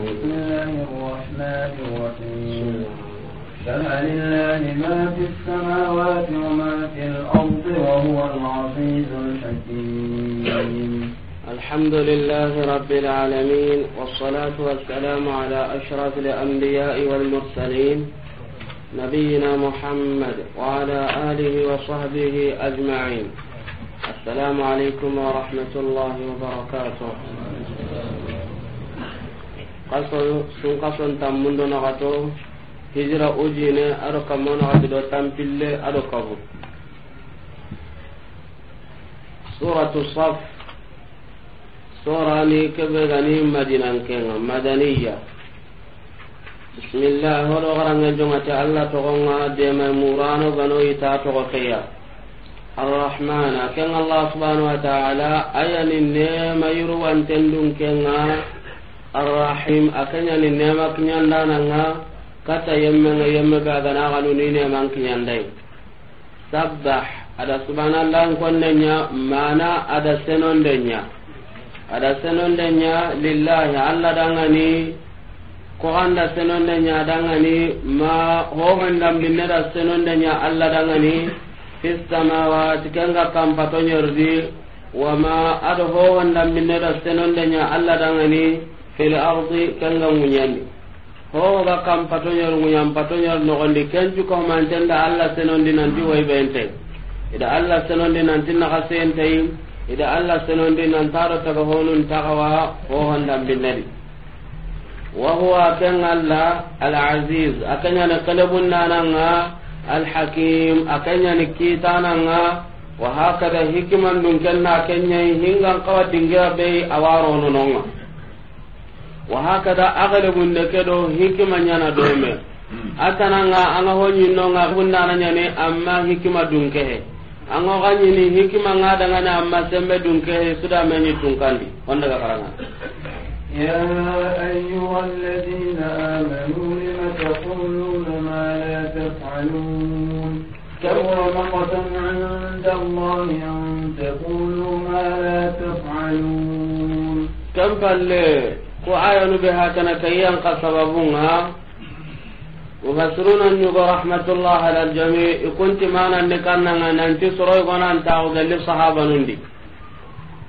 بسم الله الرحمن الرحيم فلله ما في السماوات وما في الأرض وهو العزيز الحكيم الحمد لله رب العالمين والصلاة والسلام على أشرف الأنبياء والمرسلين نبينا محمد وعلى آله وصحبه أجمعين السلام عليكم ورحمة الله وبركاته kaso sun kason tammundo nakato hijira ujine aɗo kammo noxati ɗo tampille aɗo kabu suratu saf sorani keɓe gani madinankenga madaniya bismillah hoɗo xarange jongate allah toxonga dema murano gano yita toxo keya arrahmana ken allah subhanau wa taala ayanin nema yurwanten dun kenga arrahim akanyani nema kinyandananga kata yemmenga yemme baganaganuni neman kinyandai sabbah ada subhanallah konnenya mana ada senondenya ada senondenya lillahi allah dangani koganda senondenya dangani ma hohondambinne da senondenya allah dangani fi samawati kenga kampatonyordi wama ada hohondambinne da senondenya allah dangani fil ardi kallan munyani ho ga kam patonyor munyam patonyor no gondi kenju ko man tenda alla senondi nanti way bente ida alla senondi nanti na hasente ida alla senondi nan taro taga honun tagawa ho hondam binnadi wa huwa kan alla al aziz akanya na kalabun nananga al hakim akanya ni kitananga wa hakada hikman dun kenna kenya hingan qawadinga be awaro nononga wa hakada agale gunde kedo hikima nyana dome mm. atananga anga honyi nonga gundana nyane amma hikima dunkehe anga ganyini hikima ngada ngana amma sembe dunkehe suda menyi tunkandi onda ga karanga يا أيها الذين آمنوا لم ma ما لا تفعلون كبر مقتا عند الله أن تقولوا ما لا تفعلون ko ayanu be hakana kayyan ka sababunga وفسرون أن يقول رحمة الله على الجميع كنت ما nanti ننتي gona anta أنت أغلب sahaba nundi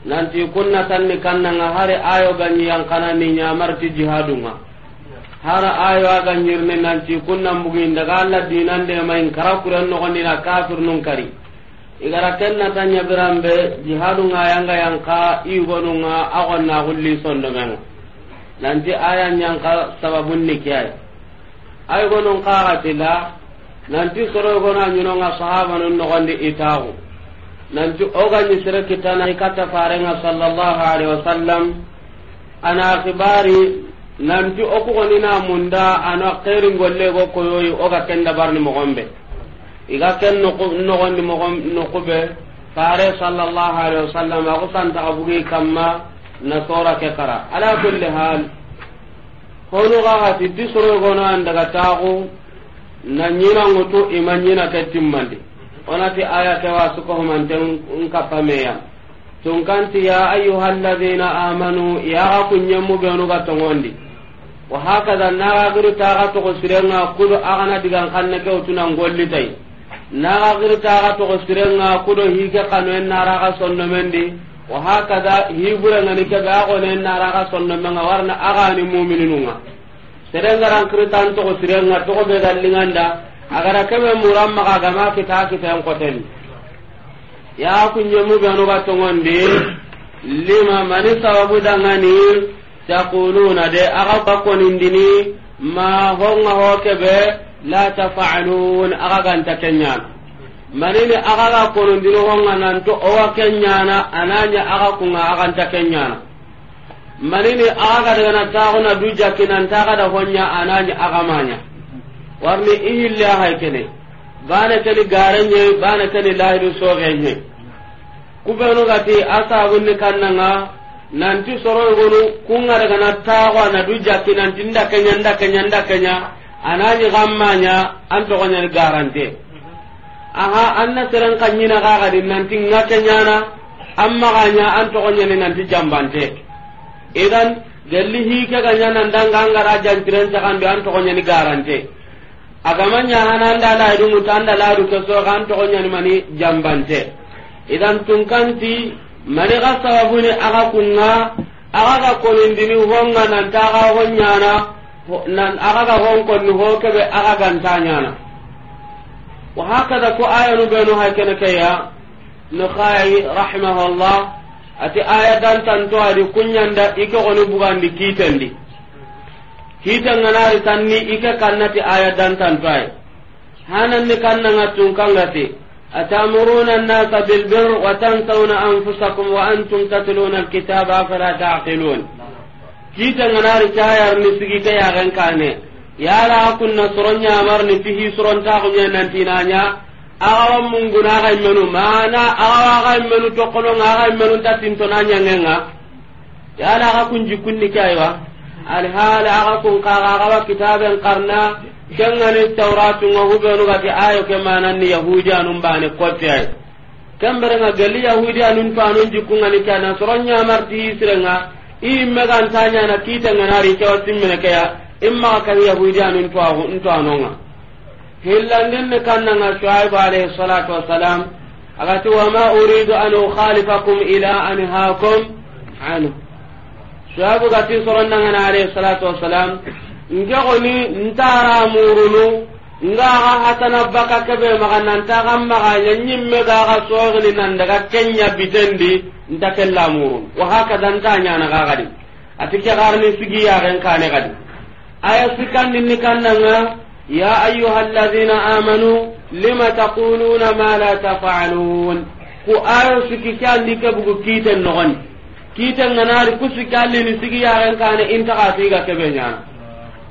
nanti kunna tan tanni kannanga hari ayo ganyi yang kana ni nyamarti jihadunga hara ayo aga nyirne nanti kunna mugin daga alla dinande main karakuran no gondina kafir nun kari igara kenna tan nyabrambe jihadunga yanga yang ka i gonunga agonna gulli sondo menga nanti aya ñanka sababun ni ke ay nanti sahaba nun nanti sallallahu alaihi wasallam ana nanti munda ana keri golle go oga iga ken fare sallallahu alaihi wasallam aku kamma nasora ke kara ala kulli hal honu ga hati gono na ke onati aya tunkanti ya ayuha alladina amanu yaxa kunñemmu ɓenuga togondi wa hakaza naxaxiru taxa toxo sirenga kudo digan ke sirenga kudo hike wa hakada hibura ngani ke ga ko nen na raga sonno manga warna aga kebe muramma ga gama kita kita en koten ya kunyemu be anu gatongonde lima mani sababu ma manini aga ga konondino honga nanto owa kenyana ananya aga kunga aganta kenyana manini aga na daga na duja kinanta aga da honya ananya aga manya warni illa hay kene bana kani garenye bana kani lahiru sogenye kubenu gati asagunni kannanga nanti soroygonu kunga daga natagona na duja kinanti kenya nda kenya ananya gamanya antogonya garante aha anna seran kan nyina ga ga din nanti ngake nyana amma ga nya an to gonya ni nanti jambante idan gelli hi ke ga nyana ndanga ngara jan tiren ta kan bi an to gonya ni garante agama nya hanan da la idu mutanda la du ke so kan to gonya ni mani jambante idan tungkanti mani ga sababu ni aga kunna aga ga kolindini honga nan ta ga na nan aga ga honkon ni ho kebe aga ganta nyana وهكذا كو آية نبينو هاي كنكيا نخاي رحمه الله أتي آية دان تنتو هذه كنيا دا إيكا غنبوغان دي كيتن دي كيتن ناري تني إيكا كانت آية دان تنتو هاي هانا نكنا نتون كانت أتأمرون الناس بالبر وتنسون أنفسكم وأنتم تتلون الكتاب فلا تعقلون كيتن ناري تاير نسيكي تيا غنكاني yala kunna soronya ni tihi soron soronta kunya nantinanya awa munguna ga menu mana awa ga menu to kono ga menu tatin to nanya ngenga yala ga kunji kunni kaiwa al hala ga kun ka ga ga kitaben qarna kengani tawratu nga hubenu ga ti ayo ke mananni yahudi anum bane kotte ay kambere nga galli yahudi anun to anun jikunga ni kana soronya marti sirenga i mega nya na kita ngana ri ke wasimmene kaya imma kan yahudi anun to ahu into anonga hillandin ne kannanga shuaib alayhi salatu wassalam agati wa ma uridu an ukhalifakum ila anhaakum anhu shuaib gati soronnanga na alayhi salatu wassalam nge goni ntara murunu nga ga hatana baka kebe magana ta ga maga nyimme ga ga sogni nan daga kenya bitendi nta kella murun wa haka dan tanya na ga gadi atike garni sigi ya ren kane gadi aya sikkandinni kannanga ya ayuha alladina amanu lima taquluna ma la tafalun ku ayo siki ke andi ke bugu kiten nogoni kiten ganari ku siki ni sigi kana inta intaka ga kebe nya.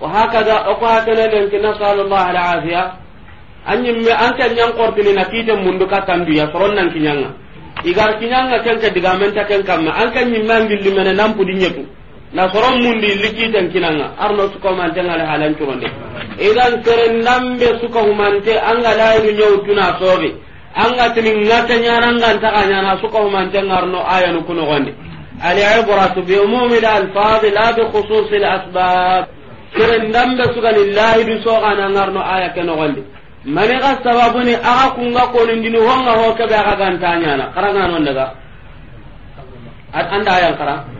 wa hakada oko hakene lenki nasalu llah alafiya anyimme anke nyang kortini na kiten mundu katandu biya soron nan kinyanga igar kinyanga kanka digamenta ken kamma anke nyimme angilli mene nampu dinyetu na soron mundi likiten kinanga arno suka humante ngala halan curonde idan seren dambe suka humante anga layinu nyaw tuna sobe anga tini ngata nyana anga ntaka nyana suka humante ngarno ayanu kuno gonde al-ibratu bi umumi al-alfaz la bi khusus al-asbab seren dambe suka lillahi bi so kana ngarno aya keno gonde mani ga sababuni aga kunga konindini honga hoke be aga ganta nyana karanga non daga anda ayan karanga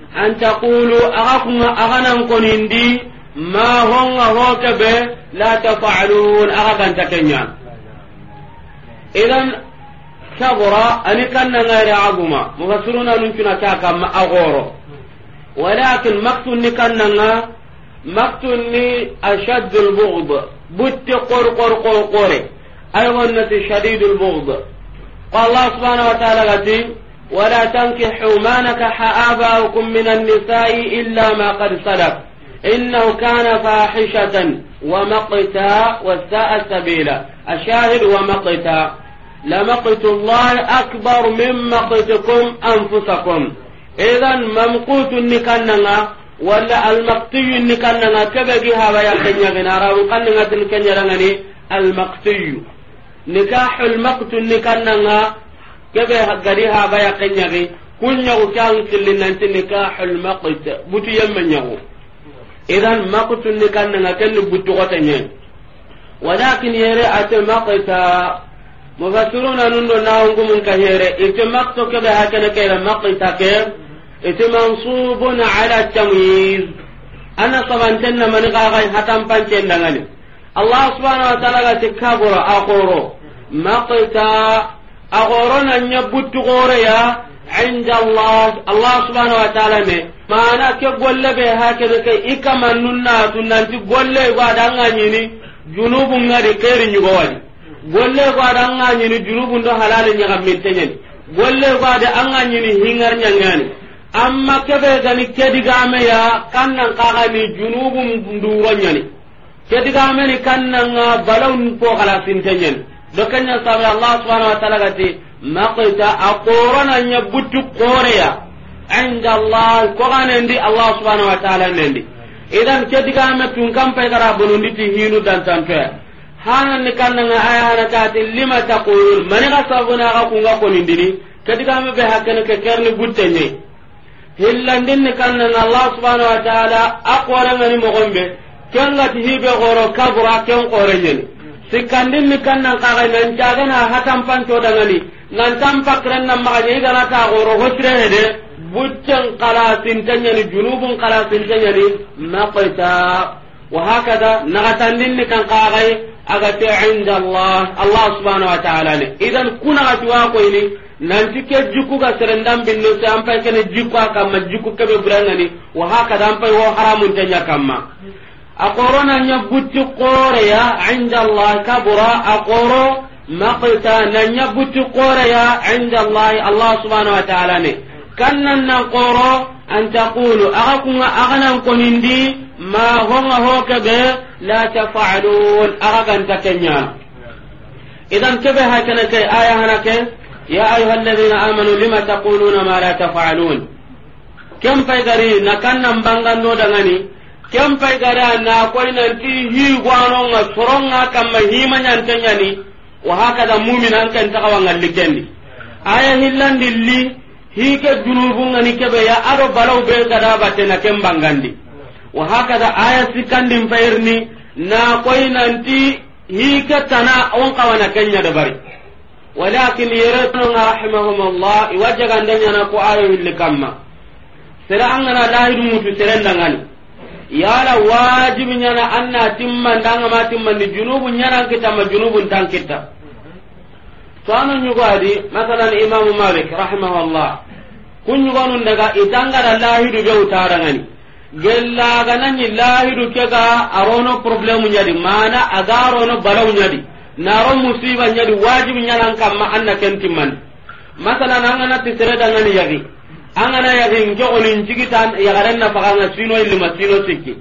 an taqulu aga kunga aganan konindi ma honga hokebe la tafalun aga ganta idan sabura ani kanna ngayre aguma mufassiruna nuncuna ta agoro walakin maktun ni kanna nga maktun ni butti qor qor qor qore allah subhanahu wa ta'ala gati ولا تنكحوا ما نكح آباؤكم من النساء إلا ما قد سلف إنه كان فاحشة ومقتا وساء سبيلا الشاهد ومقتا لمقت الله أكبر من مقتكم أنفسكم إذا ممقوت نكننا ولا المقتي نكننا كبجها ويقين يغنى وقننا تنكن المقتي نكاح المقت نكننا kebe gari ha baya kenyagi kunyagu kyan tin ka nikahul maqit butu yamma nyagu idan maqtun ni kannanga kenni butu ko tanye walakin yere ate maqita mufassiruna na naungumun ka yare ite maqto kebe hakene kere maqita ke ite mansubun ala tamyiz ana sabantenna ga hatam pancen dangane allah subhanahu wa taala gati kaburo akoro maqita agorona nya buttu gore ya inda allah allah subhanahu wa ta'ala me mana ke golle be ha ke ke ikaman nunna tunanti golle ba danga nyini junubu ngari keri nyugo wali golle ba danga nyini junubu ndo halale nya gamin tenyen golle ba da anga nyini hingar nyangani amma kebe gani kedigame ya kannan kagani junubu nduro nyani kedigame ni kannan balaw ko kala do kenya sabe allah subhanahu wa ta'ala gati maqta aqorana nya butu qoreya inda allah ko ganendi allah subhanahu wa ta'ala nendi idan ke diga me tun kam pe gara bonundi ti hinu dan tanto hana ni kannanga aya hana ta lima taqul mani ga sabuna ga kunga konindini ke diga me be hakkene ke kerni buttenye hillandin ni kannanga allah subhanahu wa ta'ala aqorana ni mogombe kenga ti hibe goro kabura ken qorenyeni sikkandin mi kan nan kaga nan caga na hatan panto dangani nan tan pakran nan ma ni gana ta goro hosre hede buccen kala sintanya ni junubun kala sintanya ni maqta wa hakada nagatandin ni kan kaga aga te inda allah allah subhanahu wa ta'ala ni idan ku ga tuwa ko ini nan tike jikku ga serendam binno sai an pai kene jikku aka ma jikku kebe buranga ni wa an pai wo haramun tanya kamma akorona nya butti qore ya inda allah kabura akoro maqta na nya butti qore ya inda allah allah subhanahu wa ta'ala ne na qoro an taqulu akakunga aganan konindi ma honga hoke be la tafa'alun agagan takenya idan kebe hakana kai ayahana hanake ya ayuha alladhina amanu lima taquluna ma la tafa'alun kam fa'idari nakannan bangando dangani kem pay gara na koy nan ti hi gwano nga soronga kamma ma nyante nyani wa haka da mu'min an kan takawa ngalli kendi aya dilli li ke junubun ngani ke ya ado balaw be gada batena kem bangandi wa haka da aya sikandi mfairni na koy nan ti ke tana on kawana kenya da bari walakin yaratu rahimahumullah wajaga ndanya na ko ayo hilli kamma sira angana lahidu mutu serendangani yala wajibi nyana anna timman danga ma timman ni junubu nyana kita ma junubun tan kita to anu nyugadi masalan imam malik rahimahullah kun nyugonu daga itanga da lahidu be utarangani gella gananyi lahidu kega arono problemu nyadi mana agarono balaw nyadi naro musiba nyadi wajibi nyana kamma anna kentimman masalan angana tisere dangani yagi angana yagin ke onin jigita yagaren na faga na sino illi sino sikki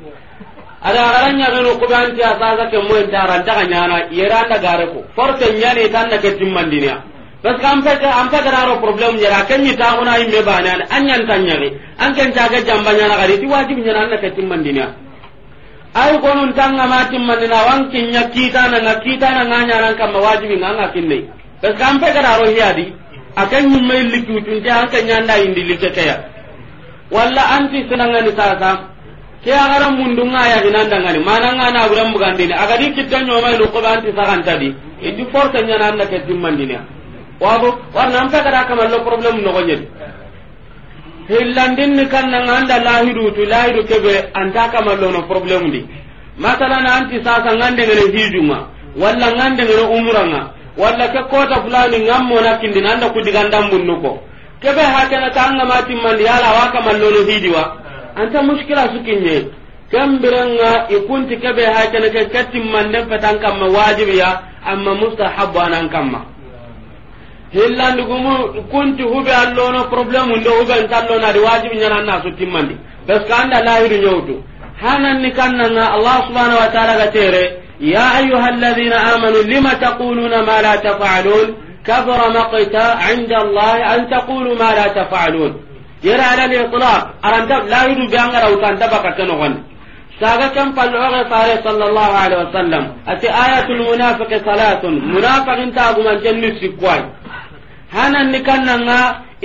ada garan ya gano ko ban ta sa za ke mo intara ta ga nyana yera ta gare ko forte nyane tan na ke timman dinya bas kam ta am ta gara problem yera kan ni ta ona imme bana an nyan tan nyane an kan ta ga jamba nyana gari ti wajibi nyana na ke timman dinya ay ko non tan ga ma timman dina wan kin nya kita na na kita na nganya nyana kan ma wajibi nga nga kinne bas kam ta gara hiadi akan himme liki tunte anka nyanda indi like kaya walla anti senangani sasa ke agara mundunga ya hinanda ngani mananga na buram bugandini di kitta nyoma lu ko anti sakan tadi idu forta nyana anda ke timmandini wabo warna ta kada kama lo problem no gonyedi hillandin ni kanna anda lahidu tu lahiru kebe anta kama lo no problem di masalan anti sasa ngande ngene hijuma walla ngande ngene umuranga walla ke kota fulani ngammona kindi nanda kudigandambunnu ko kebe hake na ka angama timmandi yala awa kamallono hidiwa anta muskila sukinye kembirenga ikunti kebe hake na ke ke timmanden fetan kamma wajibiya amma mustahabu anan kamma hillandigumu kunti huɓe allono probléme unde huɓe ntallonadi wajibi ñananna su timmandi parce que anda lahiru ñowtu hananni na allah subhanau wa taala ga tere يا أيها الذين آمنوا لم تقولون ما لا تفعلون كبر مقتا عند الله أن تقولوا ما لا تفعلون يرى على الإطلاق أرنت لا يدو بأنغر أو تنتبك كنغن ساقا كم فالعوغ صالح صلى الله عليه وسلم أتي آية المنافق صلاة منافق انت أبو من جنب سكواي هنا نكنا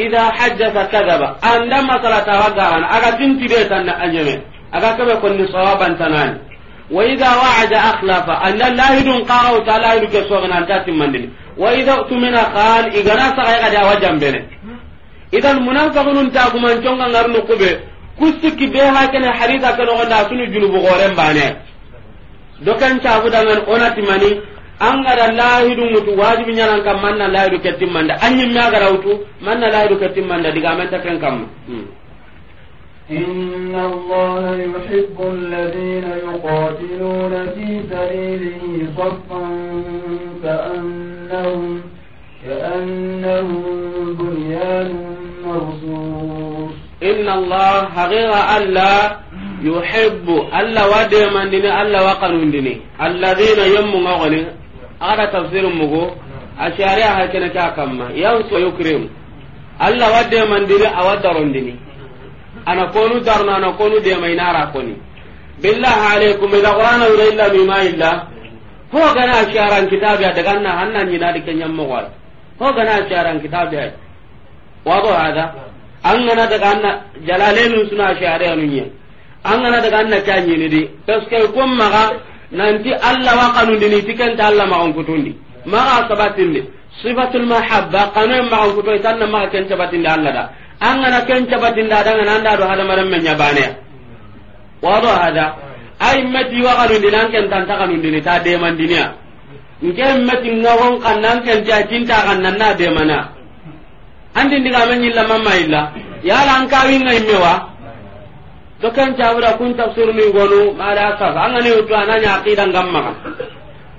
إذا حدث كذب أن لما صلاة وقعنا أغا تنتبه تنأجمه أغا كبه كن صوابا تناني wa idza wa'ada akhlafa anna lahi dun qaw ta la yuke so wa idza utmina qal igara idan munafiqun ta guman kube kusuki be ha kana harida kana wala sunu julu bu gore an ngara lahi dun mutu wajibi nyaran anyi nyaga rawtu manna lahi إن الله يحب الذين يقاتلون في سبيله صفا كأنهم كأنهم بنيان مرصوص إن الله حقيقة ألا يحب ألا ودي من دني ألا وقر من دني الذين يم مغني هذا تفسير مغو أشاريها كنكا كما ينسو يكرم ألا ودي من دني أودر دني ana konu tarno ana konu dema inara koni billah alaikum idha qur'ana yura illa mima illa ho gana sharan daga na hannan yina dike nyammo war ho gana sharan kitabe wado hada an gana daga jalalenu suna share anu an gana daga ne paske kun maga nanti allah wa kanu allah ma on kutundi sifatul mahabba kanu ma on tanna allah an gana ken cabatin da dan nan da do maran men yabane wa do hada ai mati wa garu dinan ken tanta kanu dini ta de man dinia nke mati ngawon kan nan ken ja cinta kan nan na de mana andin diga men yilla mamma illa ya lan ka wi ngai mewa to kan jawra kun tafsir min gonu mala ka an ne to ananya aqidan gamma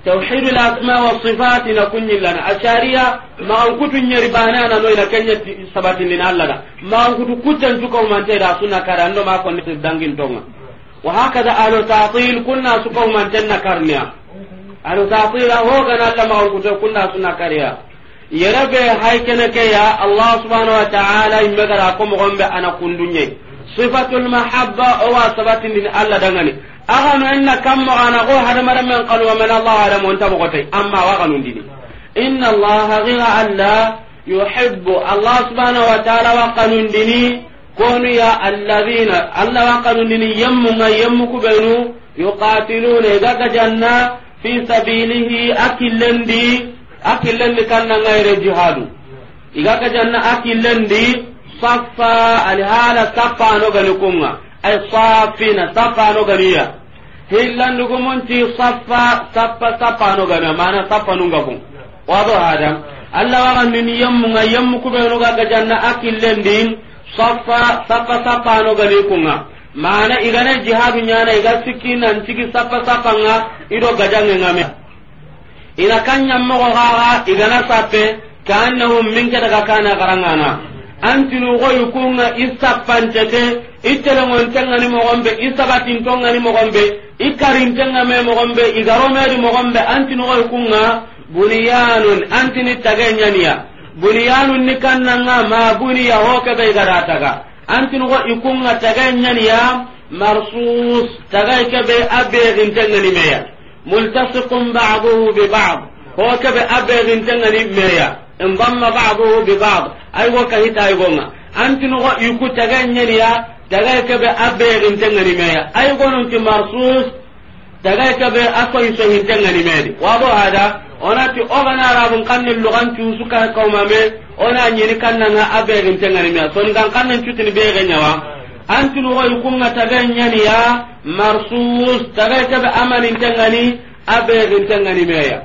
توحيد الاسماء والصفات نكون لنا اشاريا ما أنكت نيربانا نو نوينا كنية سبات لنا الله ما أنكت كتن تكو من تيدا سنة كارانو ما كنت دانجين دونغ وهكذا اهل تعطيل كنا سكو من تنا كارنيا اهل تعطيل هو كان الله ما أنكت كنا سنة كاريا يربي هاي كنكيا الله سبحانه وتعالى يمغر أكم غنب أنا دنيا صفة المحبة أو سبات لنا الله دنغني aga no enna kamma ana go hada maram men man allah ala mun tabu gotai amma wa kanun dini inna allah ghira alla yuhibbu allah subhanahu wa ta'ala wa kanun dini konu ya alladhina allah wa kanun dini yammu ma yammu ku benu yuqatiluna gaga janna fi sabilihi akillendi akillendi kanna ngayre jihadu igaga fafa akillendi saffa alhala ay safina safano ganiya hillandugumunti safa sapa sapano gana mana kun wado hada allah waganini yemmunga yemmu kuɓenuga gajanna akillendin safa sapa sapano gani kunga mana igana jihadu ñana iga sikki nancigi sapa sapanga ido gajangengame ina kan ñammogo xaxa igana sappe kaannahum min kedaga kana garangana antinu goyi kunga i sappanteke ittelengontengani mogonɓe i sagatintongani mogonɓe i karintengame mogonɓe i garomedi mogonɓe antinogoy kunga buniyanun antini tagenyaniya buniyanun ni kannanga ma buniya hokeɓe igada taga antinogo i kunga tagenyaniya marsus tagay keɓe a beexintengani meya multasiqum baduhu bibad hokeɓe a beexintengani meya in bamma baduhu bibad aygo kahita aygonga antinogo iku tagenyaniya daga kebe abbeerin tengani meya ay gonon ti marsus daga akko asoy sohin tengani meedi wado hada onati ogana rabun kanni lugan cuusu ka me ona ñini kannanga abbeerin tengani meya soni gan kannan cutini beege ñawa antilugoy kunga taga ya marsus daga be amanin tengani abbeerin tengani meya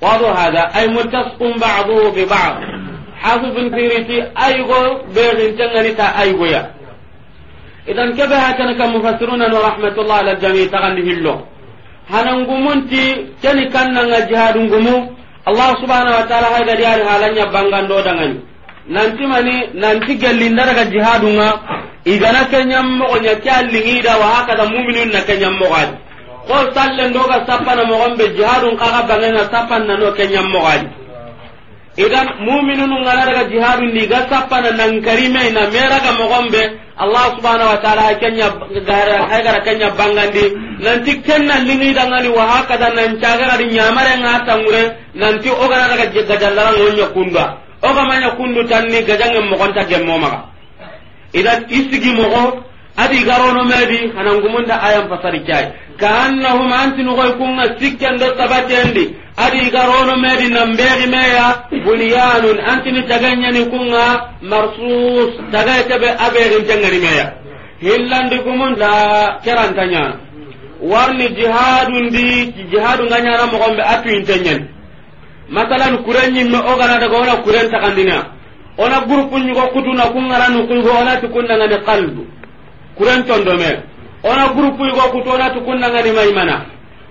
wado hada ay mutasqum ba'du bi bad hafu bin tiriti be beerin tengani ta ya. idan kebe hakana ka mufassiruna no rahmatullah ala jami tagandi hillo hanangumunti keni kannanga jihadungumu allah subhanahu wa taala haygadi ari halanya bangando dangani nanti mani nanti gellindaraga jihadunga igana kenyammogonya ke allingida wa hakada muminun na kenyammogadi ko sallendoga sappana mogonɓe jihadun kaga bangenga sappannano kenyammogadi idan mu'minun ngana daga jihadu ni ga sappana nan karime na mera ga mogombe allah subhanahu wa ta'ala kenya gara hay gara kenya bangandi nanti kenna lingi dangani wa hakada nan chagara di nyamare ngata ngure nanti ogara daga gajalla ngonya kunda oga manya kundu tanni gajangem mogonta gemmo maga idan isigi mogo adi garono medi hanangumunda ayan fasari kay kaannahum antinu koy kunga sikkendo sabatendi adi garono medi nambegi meya bunyanun antini taganyani kunga marsus tagay tebe abegin tengani meya hillandi kumunda kerantanyana warni jihadundi jihadu nganyana mogonɓe atuintenyani masalan kurenñimme ogana daga wala kuren tagandina ona groupe ñugo kutuna kungaranu kuygo onati kundangani kaldu kuren tondome ona groupe igo kutu ona ngani mai mana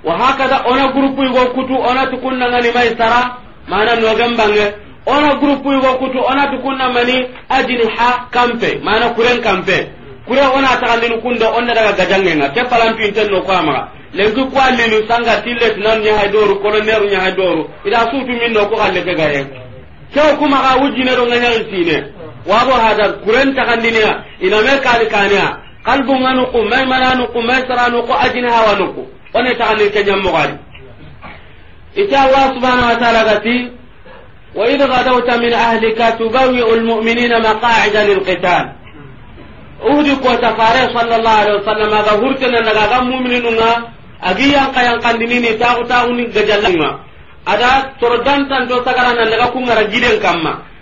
wa hakada ona groupe igo kutu ona ngani mai sara mana nogembange ona groupe igo kutu ona tukunna mani ajniha kampe mana kuren kampe kure ona tagandini kunda onna daga gajange gajangenga ke palantuintenno ko amaga lenki ku allini sanga tillet nan nyahay doru kono neru nyahay doru ida min minno ko galle ke gaye kew kuma ga wujine do nganya sine wabo hadar kuren ta tagandini ina me kali kania qalbu nganuku mai mananuku mai saranuku ajini hawanuku one taxani keñammogadi ita allah subhanau wa taala gati wa id gadawta min ahlika tubawiu lmuminina maqaida lilqital uhdi kota fare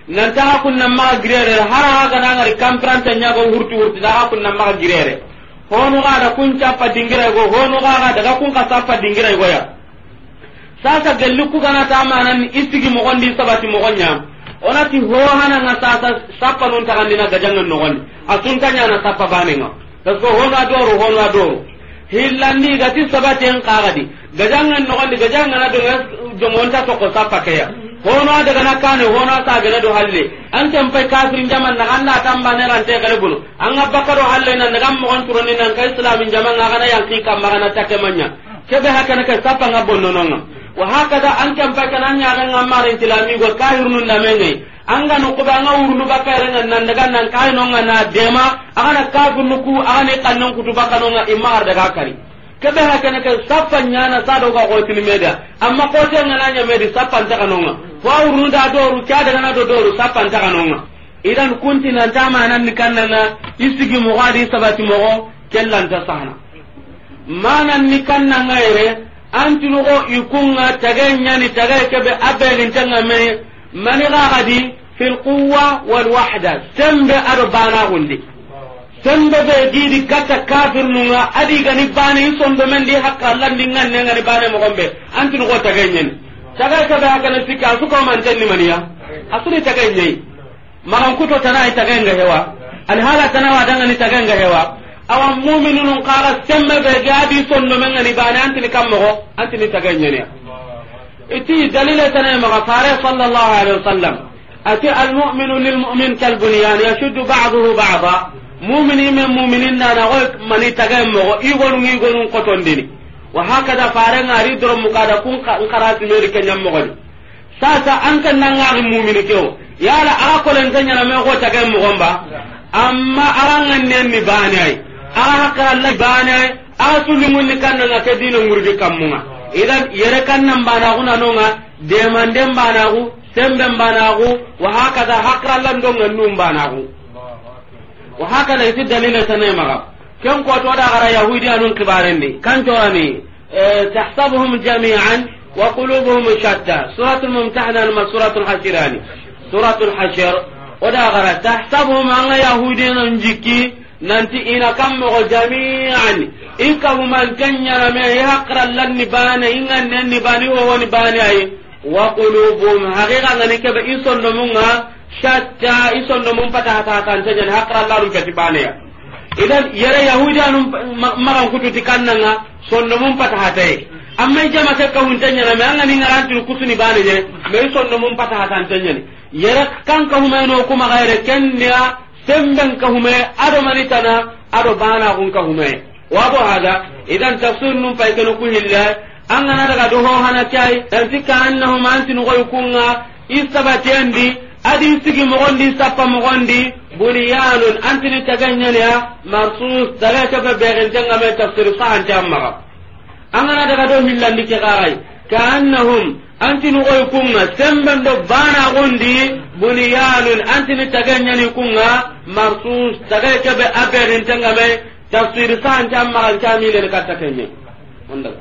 nan ta hakun nan ma girere har ga nan ari kampranta nya go hurtu hurtu da hakun nan ma girere honu ga da kun chapa dingira go honu ga ga daga kun ka sapa dingira go ya sasa gellu ku kana ta manan istigi mo gondi sabati mo gonya onati ho hana na sasa sapa nun ta kandina gajan no gondi asun tanya na sapa nga. banenga dasko honu adoro honu adoro hillandi gati sabati en kagadi gajangan no gondi gajangan adoro jomonta to ko sapa kaya hono daga na kane hono ta gele do halle an tan pay kafirin jaman na Allah tan bane ran te gele bulu an abba karo halle nan daga mo on turoni nan kai islamin jaman na kana yanki kam magana take manya be haka na ka sapa na bonno non wa haka da an tan pay kana nya ran amare islamin go kafir nun na menge an ga no ko ba ngawur nu bakare nan nan daga nan kai non na dema ana kafir nu ku ana nan kutu bakano na imar daga kari kebe hakene ke sappa na sa do ga ko tin media amma ko te ngana nya medi sappa ta kanonga wa da doru kya daga na do doru sapan ta kanonga idan kunti na ta manan ni kannana isigi mo gadi sabati mo kellan ta sana manan ni kannanga ere antinu go ikunga tagenya ni tagay kebe abelin tanga me mani gadi fil quwwa wal wahda tambe arbana gundi tambe be gidi kata kafir nunga adi gani bani sondo men di hakka Allah ndingan ne ngani bani mo gombe antinu go tagenya ni taga taga hakana sikka asu ko man tan limaniya asu ni taga nyai magan kuto tana ay taga nga hewa al hala tana wa danga ni taga nga hewa awa mu'minun qara tamma be gadi sonno men ngani bana antini kammo ko antini taga nyani iti dalila tana e maga fare sallallahu alaihi wasallam ati al mu'minu lil mu'min kal bunyan yashuddu ba'dahu ba'dha mu'mini min mu'minin na na ko mani taga mo ko igonu igonu kotondini wa haka da fare ridro mu kada kun karatu meri kenyam sa sa an kan nan ngari mu'mini ya yala a ko len tanya na me ko tagay mo gomba amma nan ne mi bani ay a haka la bani ay su sulimun ni kan ka dino dinu kam mu idan yere kan nan na ku no nonga de mandem bana ku sembe na ku wa hakada lan do ndonga num na ku wa hakada isi dalila tanay magab ken ko to da gara yahudi anun kibarendi kan to ani tahsabuhum jami'an wa qulubuhum shatta suratul mumtahana al suratul hasirani suratul hasir o da gara tahsabuhum an yahudi nan jikki nanti ina kam mo jami'an in ka man kanya me yaqra lan ni bana ingan nan ni bani wo woni bani ay wa qulubuhum haqiqa ngani ke be isondo munga shatta isondo mun pata ta kan tan jan haqra lan ke bani ya idan yere yahudanu magan kututi kannanga sondomum pata hata hataye amma jama ke kahuntenyana me angani ngarantini kusuni bani je mai sondomum pata hata an tanya ni. yere kan kahumeno kumaga yere kenniya semben kahume ado manitana ado bana kun kahume wabo hada idan tafsir num pay kenu kuhilla angana daga doho hana kai dan tikka annahum antinu koykunga isabatendi adi sigi mogondi sappa mogondi bunyanun antini taganyaniya marsus daga tafa begen jangame tafsir sahante ammaga angana daga do hillandi ke garay kaannahum antini goy kunga semben do bana gondi bunyanun antini taganyani kunga marsus daga tafa abegen jangame tafsir sahante ammaga kamile ne katta kenye wanda.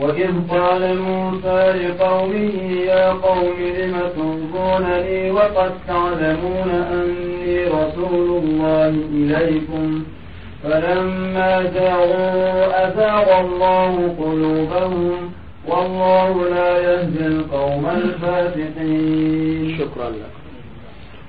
وإذ قال موسى لقومه يا قوم لم تنظرونني وقد تعلمون أني رسول الله إليكم فلما زاغوا أزاغ الله قلوبهم والله لا يهدي القوم الفاسقين شكرا لك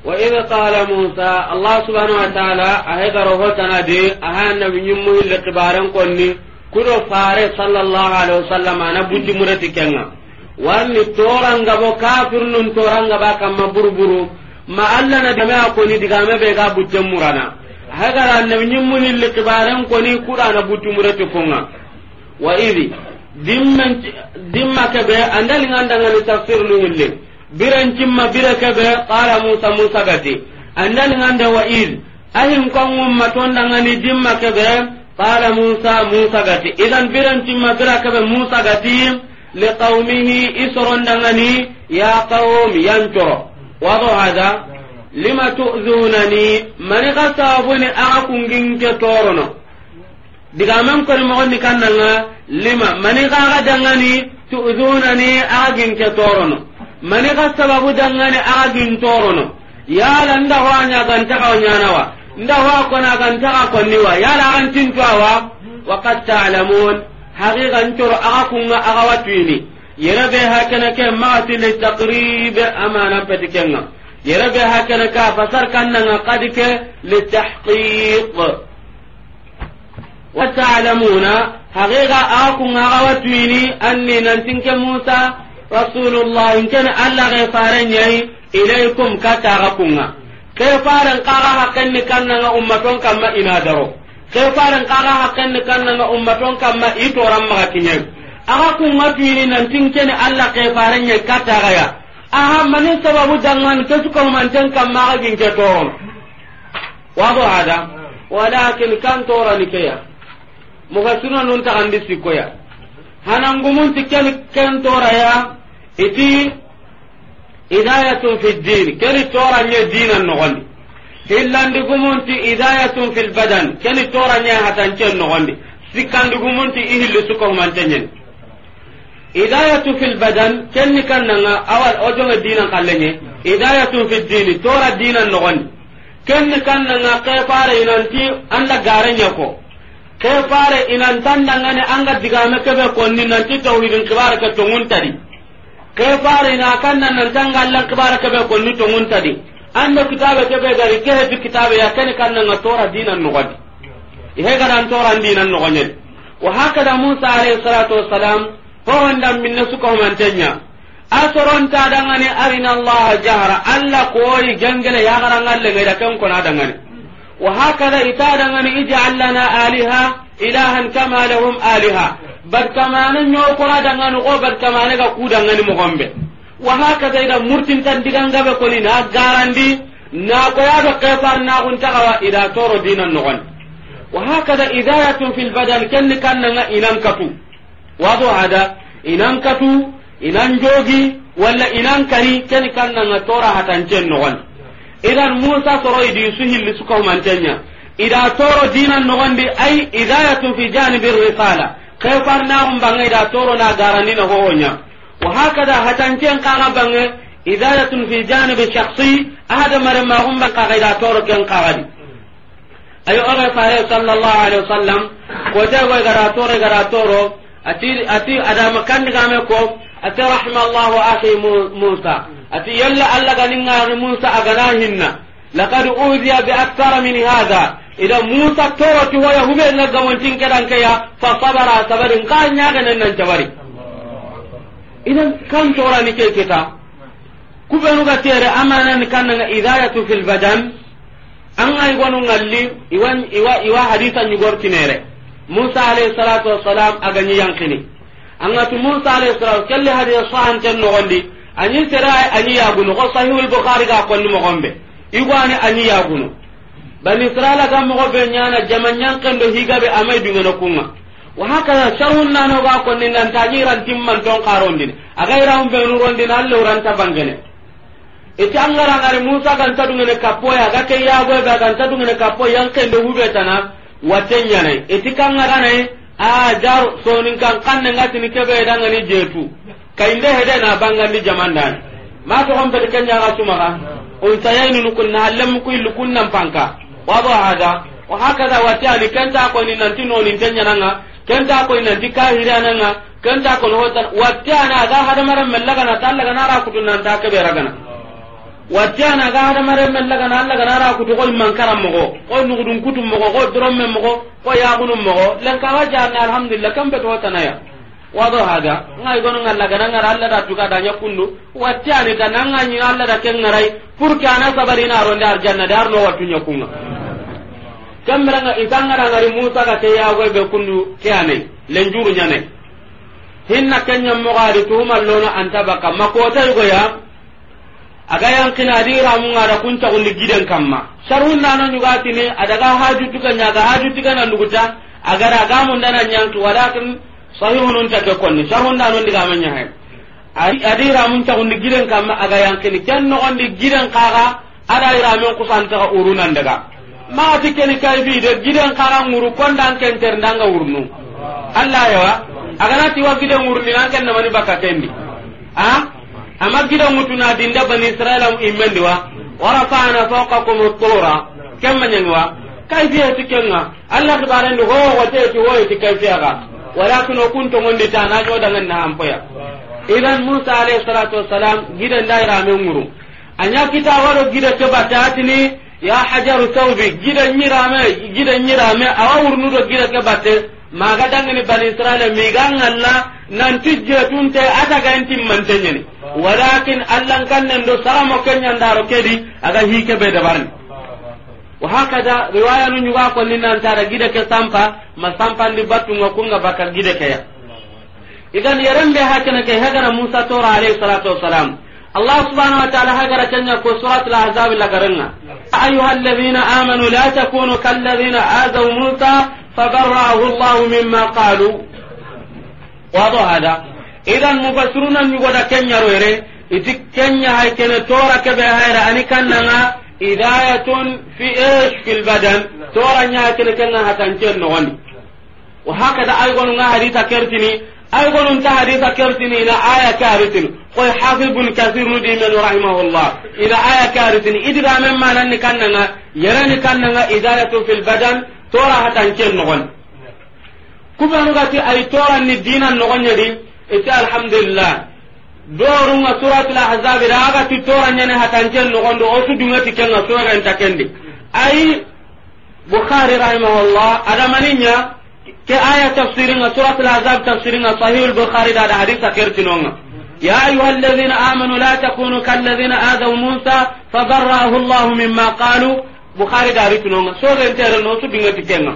وإذ قال موسى الله سبحانه وتعالى أهدره تنادي أهان نبي يمه اللي قبارن قلني kudo fare sallallahu alaihi wasallam ana buddi murati kenga wanni toranga bo kafir nun toranga ba kam maburburu ma alla na dama ko ni diga me be ga budde murana hagara annabi nyimuni kibaran ko ni qur'ana buddi murati konga wa idi dimman dimma ke be andal nganda ni tafsir lu ngille biran cimma bira ke be qala musa musa gati andal nganda wa id ahim kongum ngumma tondanga dimma ke be qala musa musa gati idan birantimma bira kebe musa gati liqaumihi isorondangani ya qaum yancoro wado hada lima tuzunani mani ka sabuni aga diga torono digamen koni mogonni kannanga lima mani ka aga dangani tuzunani aga ke torono mani ka sababu dangani aga gin torono yala ndaho a ñagantakawa ñanawa nda wa kona gan ta ka konni wa yala gan tin to wa wa qad ta'lamun haqiqan tur aga kunga aga watini yere be hakana ke ma til taqrib amana petikenga yere be hakana ka fasar kannanga qad ke li tahqiq wa ta'lamuna haqiqa aga kunga aga watini anni nan tin ke musa rasulullah in kana alla ghafaran yai ilaykum ka ta kunga kai faran kaga hakan ni nga ummaton kamma ina daro kai faran kaga hakan ni kannanga ummaton kamma itoran maga kinyen aga kun ngatuini nan tinkene alla kai faran nya kata gaya aha manin sababu dangan to suka mantan kamma ga ginke toron wado ada walakin kan tora likeya mugasuna nun ta andi sikoya hanan gumun tikkel kan tora ya iti hidayatun fi din keni toranye dinan nogondi hillandigumunti hidayatun fil badan keni toranye hatancen nogondi sikkandigumunti i hilli sukahumantenyeni hidayatu fil badan kenni kannanga awal ojonge dinan kallenye hidayatun fi dini tora dinan nogondi kenni kannanga an inanti anda garenya ko nga kefare inantandangani anga digame kebe konni nanti tawhidin kibare ke tonguntadi kan kefarina kanna nartanga allan kibara keɓe gonni an ando kitabe keɓe gari ke hebi kitabe ya kan kan nan tora dinan gadi ihe gadan tora dinan gonyel wa hakada musa alayhi salatu wassalam howandan minne sukahumantenya a soronta dangani arina Allah jahra allah ko koyi gengele yagaranga lengeda ken na dangane. wa hakada ita ija allah na aliha ilahan kama lahum aliha bad kamana nyo kora danga no ko bad kamana ga ku danga ni mogombe wa hakaza ida murtin tan diganga be koni na garandi na ko ya do qefar na kun tagawa ida toro dinan no gon wa hakaza idayatun fil badal kan kan na inan katu wado hada inan katu inan jogi walla inan kani kan kan na tora hatancen no idan musa soro idi su hilli su ida toro dinan nogondi ay idayatu fi janibi risala kay farnaxum bange ida toro na garandina hohoña wa hakada hatancen kaxa bange idayatun fi janibi shaksi ahada maremaxum ba kaxa ida toro ken kaxadi ay oxe fare sallallahu alaihi wasallam kotegoy gara toro gara toro ati ati adama me ko ati rahma allahu akhi musa ati yalla allah ganingaani musa agana hinna laqad uziya bi akthara min hada idan musa toroti hoya huɓenga kedan kaya fa sabara sabari nka ñaganen nan jabari idan kan torani ke kita kuɓenuga tere amanani kannanga idayatu fi lbadan an ga igonu ngalli iwa, iwa, iwa hadisa ñugortinere musa alayhi salatu wasalam agañi yankini angati musa alayhi salatu kelle hadisa sahanten nogondi añi sere añi yagunu ko sahihul bukhari ga konni mogonɓe igwani añi yagunu bani israila ga mogo be nyana jamanyan kendo higa be amai dungena kunga wa haka hakaza sharun nano ga konni nan yi ran timman ton qarondini aga iran be nurondini allo ran tabangene iti angara ngari musa kan tadungene kapoya ga ke yago ga kan tadungene kapoya yang kendo hube tana wa watenya nai iti kangara nai a jar sonin kan kanne ngati ni kebe dangani jetu kainde hede na bangandi jamandan ma to on be kenya ga sumaga on tayainu kunna hallam kuilu kunnan panka wado hada wa hakada wati ani kenta ko ni nanti no ni tenya nanga kenta ko ni nanti kahira nanga kenta ko no tan wati ana ga hada maram mellaga na talla ga nara kutu nan ta ke beraga na wati ana ga hada maram mellaga na alla ga nara kutu ko man karam mo ko nu gudun kutu mo ko drom me mo ko ya gunu mo lan ka waja na alhamdulillah kam be to ya wado hada ngai gono ngalla ga nanga alla da tuka da nyakundu wati ani da nanga nyi alla da ken ngarai purka ana sabarina ronda arjanna dar no watu nyakunga kemmeranga ngari musa ka ke yagoy be kundu ke anai lenjuru nyane. hinna kenya kenñammogo adi tuhumallono anta bakka ya aga yankina adi ramunga ada kuncagundi giden kamma sarhunnano ñugatini adaga hajuttuga ñaga hajuttigana nduguta agada agamundana ñanki walakin unta ke konni sarhunnano ndigama ñahe adi ramuncagundi giden kamma aga kini ken nogondi gidan kaga ada iramen urunan daga. maati keni kayfide giden kara nguru kondan kenter ndanga wurnu alla yawa ah? aganati wa giden wurni nanken namani baka kendi a ah? amma giden na dinda bani israila immendi wa warafana fawqakum tura kemma nyangi wa kayfiya tikenga alla ndo ho wate ti ho ti kayfiya ga walakin okunto ngondi tana nyoda nganna ampoya idan musa alayhi salatu wassalam giden daira me nguru anya kita waro gida ke ni. ya hajaru tawbi gidan nyirame gidan nyirame awa wurnu do gida ke batte maga dangani bani israel mi gangalla nanti jetunte ataga mantenye ni walakin allan kannen do salamo kenya ndaro kedi aga hike be dabarni wa hakada riwaya nu nyuga ko ni nan tara gida ke sampa ma sampa ndi battu ngokunga baka gida ke ya idan yarambe hakana ke hadara musa tora alayhi salatu wassalam الله سبحانه وتعالى هجر كنيا سورة الأحزاب اللي قرنا أيها الذين آمنوا لا تكونوا كالذين آذوا موسى فبرأه الله مما قالوا واضح هذا إذا مفسرون أن يقول كنيا رويري إذا كنيا هاي كنا تورا كبه أني كنا إداية في إيش في البدن تورا نيا كنا كنا هتنجل نغني وهكذا أيضا نغا هريتا كرتني ay gonun ta hadisa kertini ina aya karitin koy hafiz bun kasir nu dimen rahimahullah ina aya karitin idira men manan ni kannanga yarani kannanga idaratu fil badan tora hatan ken nogon kubanugati ay tora ni dinan nogonyadi iti alhamdulillah dorunga suratul ahzab ida agati toranyani hatan ken nogondo osu dungati kenga suraganta kendi ay bukhari rahimahullah adamaninya ke aya tafsiringa surat al-azab tafsiringa sahih al-bukhari da hadith akirtinonga ya ayuha alladhina amanu la takunu kal ladhina adaw musa fadarrahu allah mimma qalu bukhari da ritinonga so ren tere no su dinga tikenga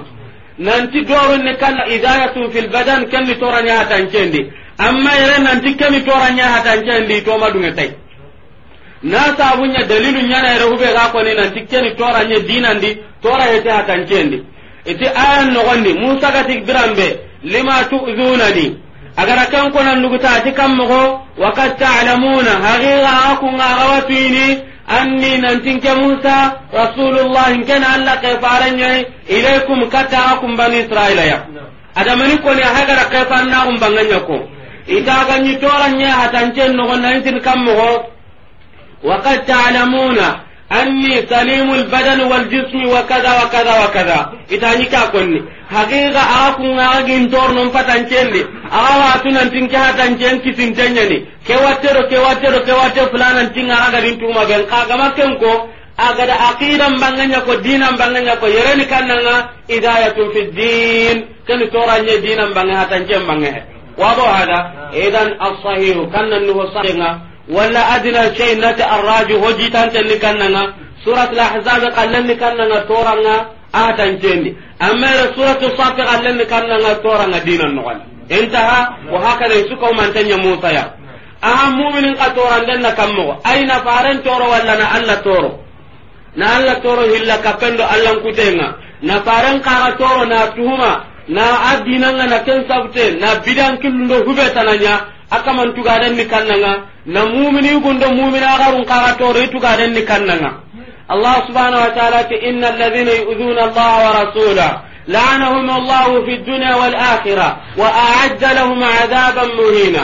nanti dorun ne kala idayatu fil badan kan ni toranya hatan cendi amma yere nanti kan ni toranya hatan cendi to madunga tai na sabunya dalilu nyana yere hube ga ko ni nanti kan ni toranya dinandi tora hete hatan cendi iti ayan nogondi musa gati biranbe lima tuzunani agara ken konan nuguta ati kammogo wakad talamuna haqiqa aga kunga agawatuini anni nantinke musa rasulullah nkene allah kefarenyoy ilaikum kata aga kumbani israila ya adamani koni ahagara kefarnagum banganyako itaganyi toranye hatancen nogon nanintin wa wakad talamuna anni salimul badan wal jismi wa kada wa kada wa kada itani ka konni hakika aga kun aga gin tornon patan cende aga watunan tin ke hatan cen kisin tanya ni ke watero ke watero ke watero fulanan tin aga garin tuma ben ga maken ko aga da aqidan banganya ko dinan banganya ko yereni kannanga idayatun fid din kan toranye dinan banganya hatan cen wa do hada idan as-sahih nan nu sahih wala. adna shay nati arraju hoji tante kannanga surat al-ahzab kannanga toranga atan surat kannanga toranga dinan intaha wa suka man tanya musa ya aha mu'minin ka toran kammo aina faran toro na alla toro na alla toro hilla kapendo allan kutenga na faran kara toro na tuhuma na na kensabte na bidan killundo hubeta akaman tugaden ni kannanga na mumini gundo mumina garun kaga toro tugaden ni kannanga allah subhanahu wa ta'ala ta inna alladhina yu'dhuna allah wa rasula la'anahum allah fi dunya wal akhirah wa a'adda lahum 'adaban muhina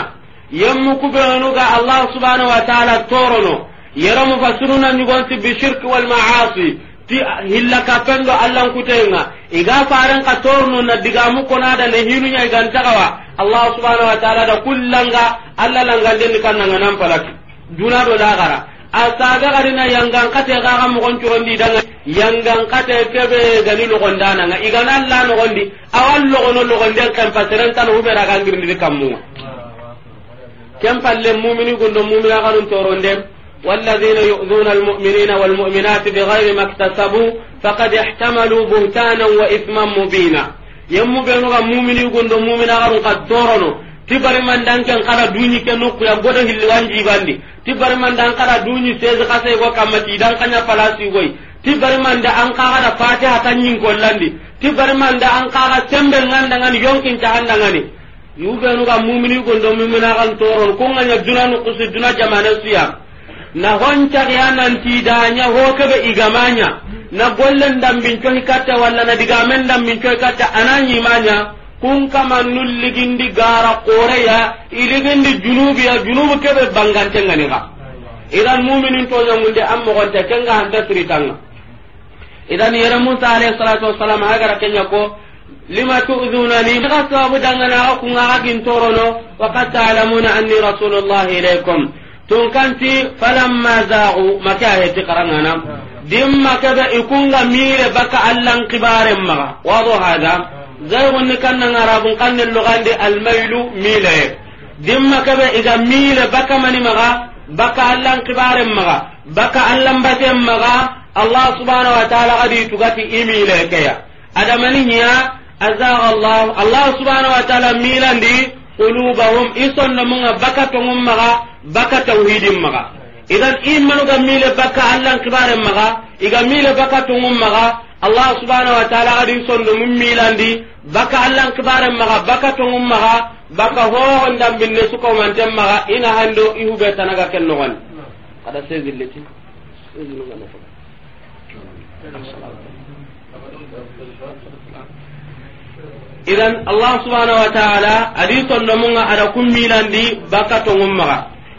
yammu kubenu ga allah subhanahu wa ta'ala torono yaramu fasiruna ni gonti bi shirk wal ma'asi ti hilla ka pendo allan kutenga iga faran ka torno na diga mu kona da ne hinu nya igan tagawa allah subhanahu wa ta'ala da kullanga allah langa den kan nan nan palaki duna do da gara asaga garina yangan kate ga ga mu goncho ndi danga yangan kate kebe gani lo gondana nga igan la no gondi awal lo gono lo gonde kan pasaran tan ube ra kan girni kammu kem palle mu'mini gondo mu'mina garun toronde والذين يؤذون المؤمنين والمؤمنات بغير ما اكتسبوا فقد احتملوا بهتانا وإثما مبينا yemmu benuga mumini gondo mumina garu kad torono ti bari man dan kan kada dunyi ken nokku ya godo hilli wanji bandi ti bari man dan kada da fatiha tan yin kollandi ti bari man da an kaga sembe gondo mumina kan torono ko na honcaxeya nanti daña hokebe igamaña na gollen dambincohi katta walla na digamen dambincohi katta ana ñimaña kun kama nulligindi gara koreya iligindi junubiya junubu kebe bangantenganixa idan muminin toñagunde an mogonte kenga hanta siritanga idan yere musa alayhi salatu wassalam hagara kenya ko lima tu'zunani ga sababu dangana kunga agin torono wa qad ta'lamuna anni rasulullahi ilaykum tun kanti falamma zagu maka ayati qarangana dimma kada ikunga mire baka allan kibare ma wado hada zagun ni kanna arabun kanne lugande almailu mile dimma kada iga mile baka mani maga baka allan kibare maga baka allan bate maga allah subhanahu wa ta'ala adi tugati imile kaya adamani nya azaa allah allah subhanahu wa ta'ala milandi qulubahum isonno munga baka tongum maga baka tauhidin maga idan imanu ga mile baka allan kibaren maga iga mile baka tungum maga allah subhanahu wa ta'ala adi sondo mum milandi baka allan kibaren maga baka tungum maga baka ho ndam binne suko mantem maga ina hando ihube tanaga ken nogon kada segilleti izinu ngana fa idan allah subhanahu wa ta'ala adi sondo munga ada kummilandi baka tungum maga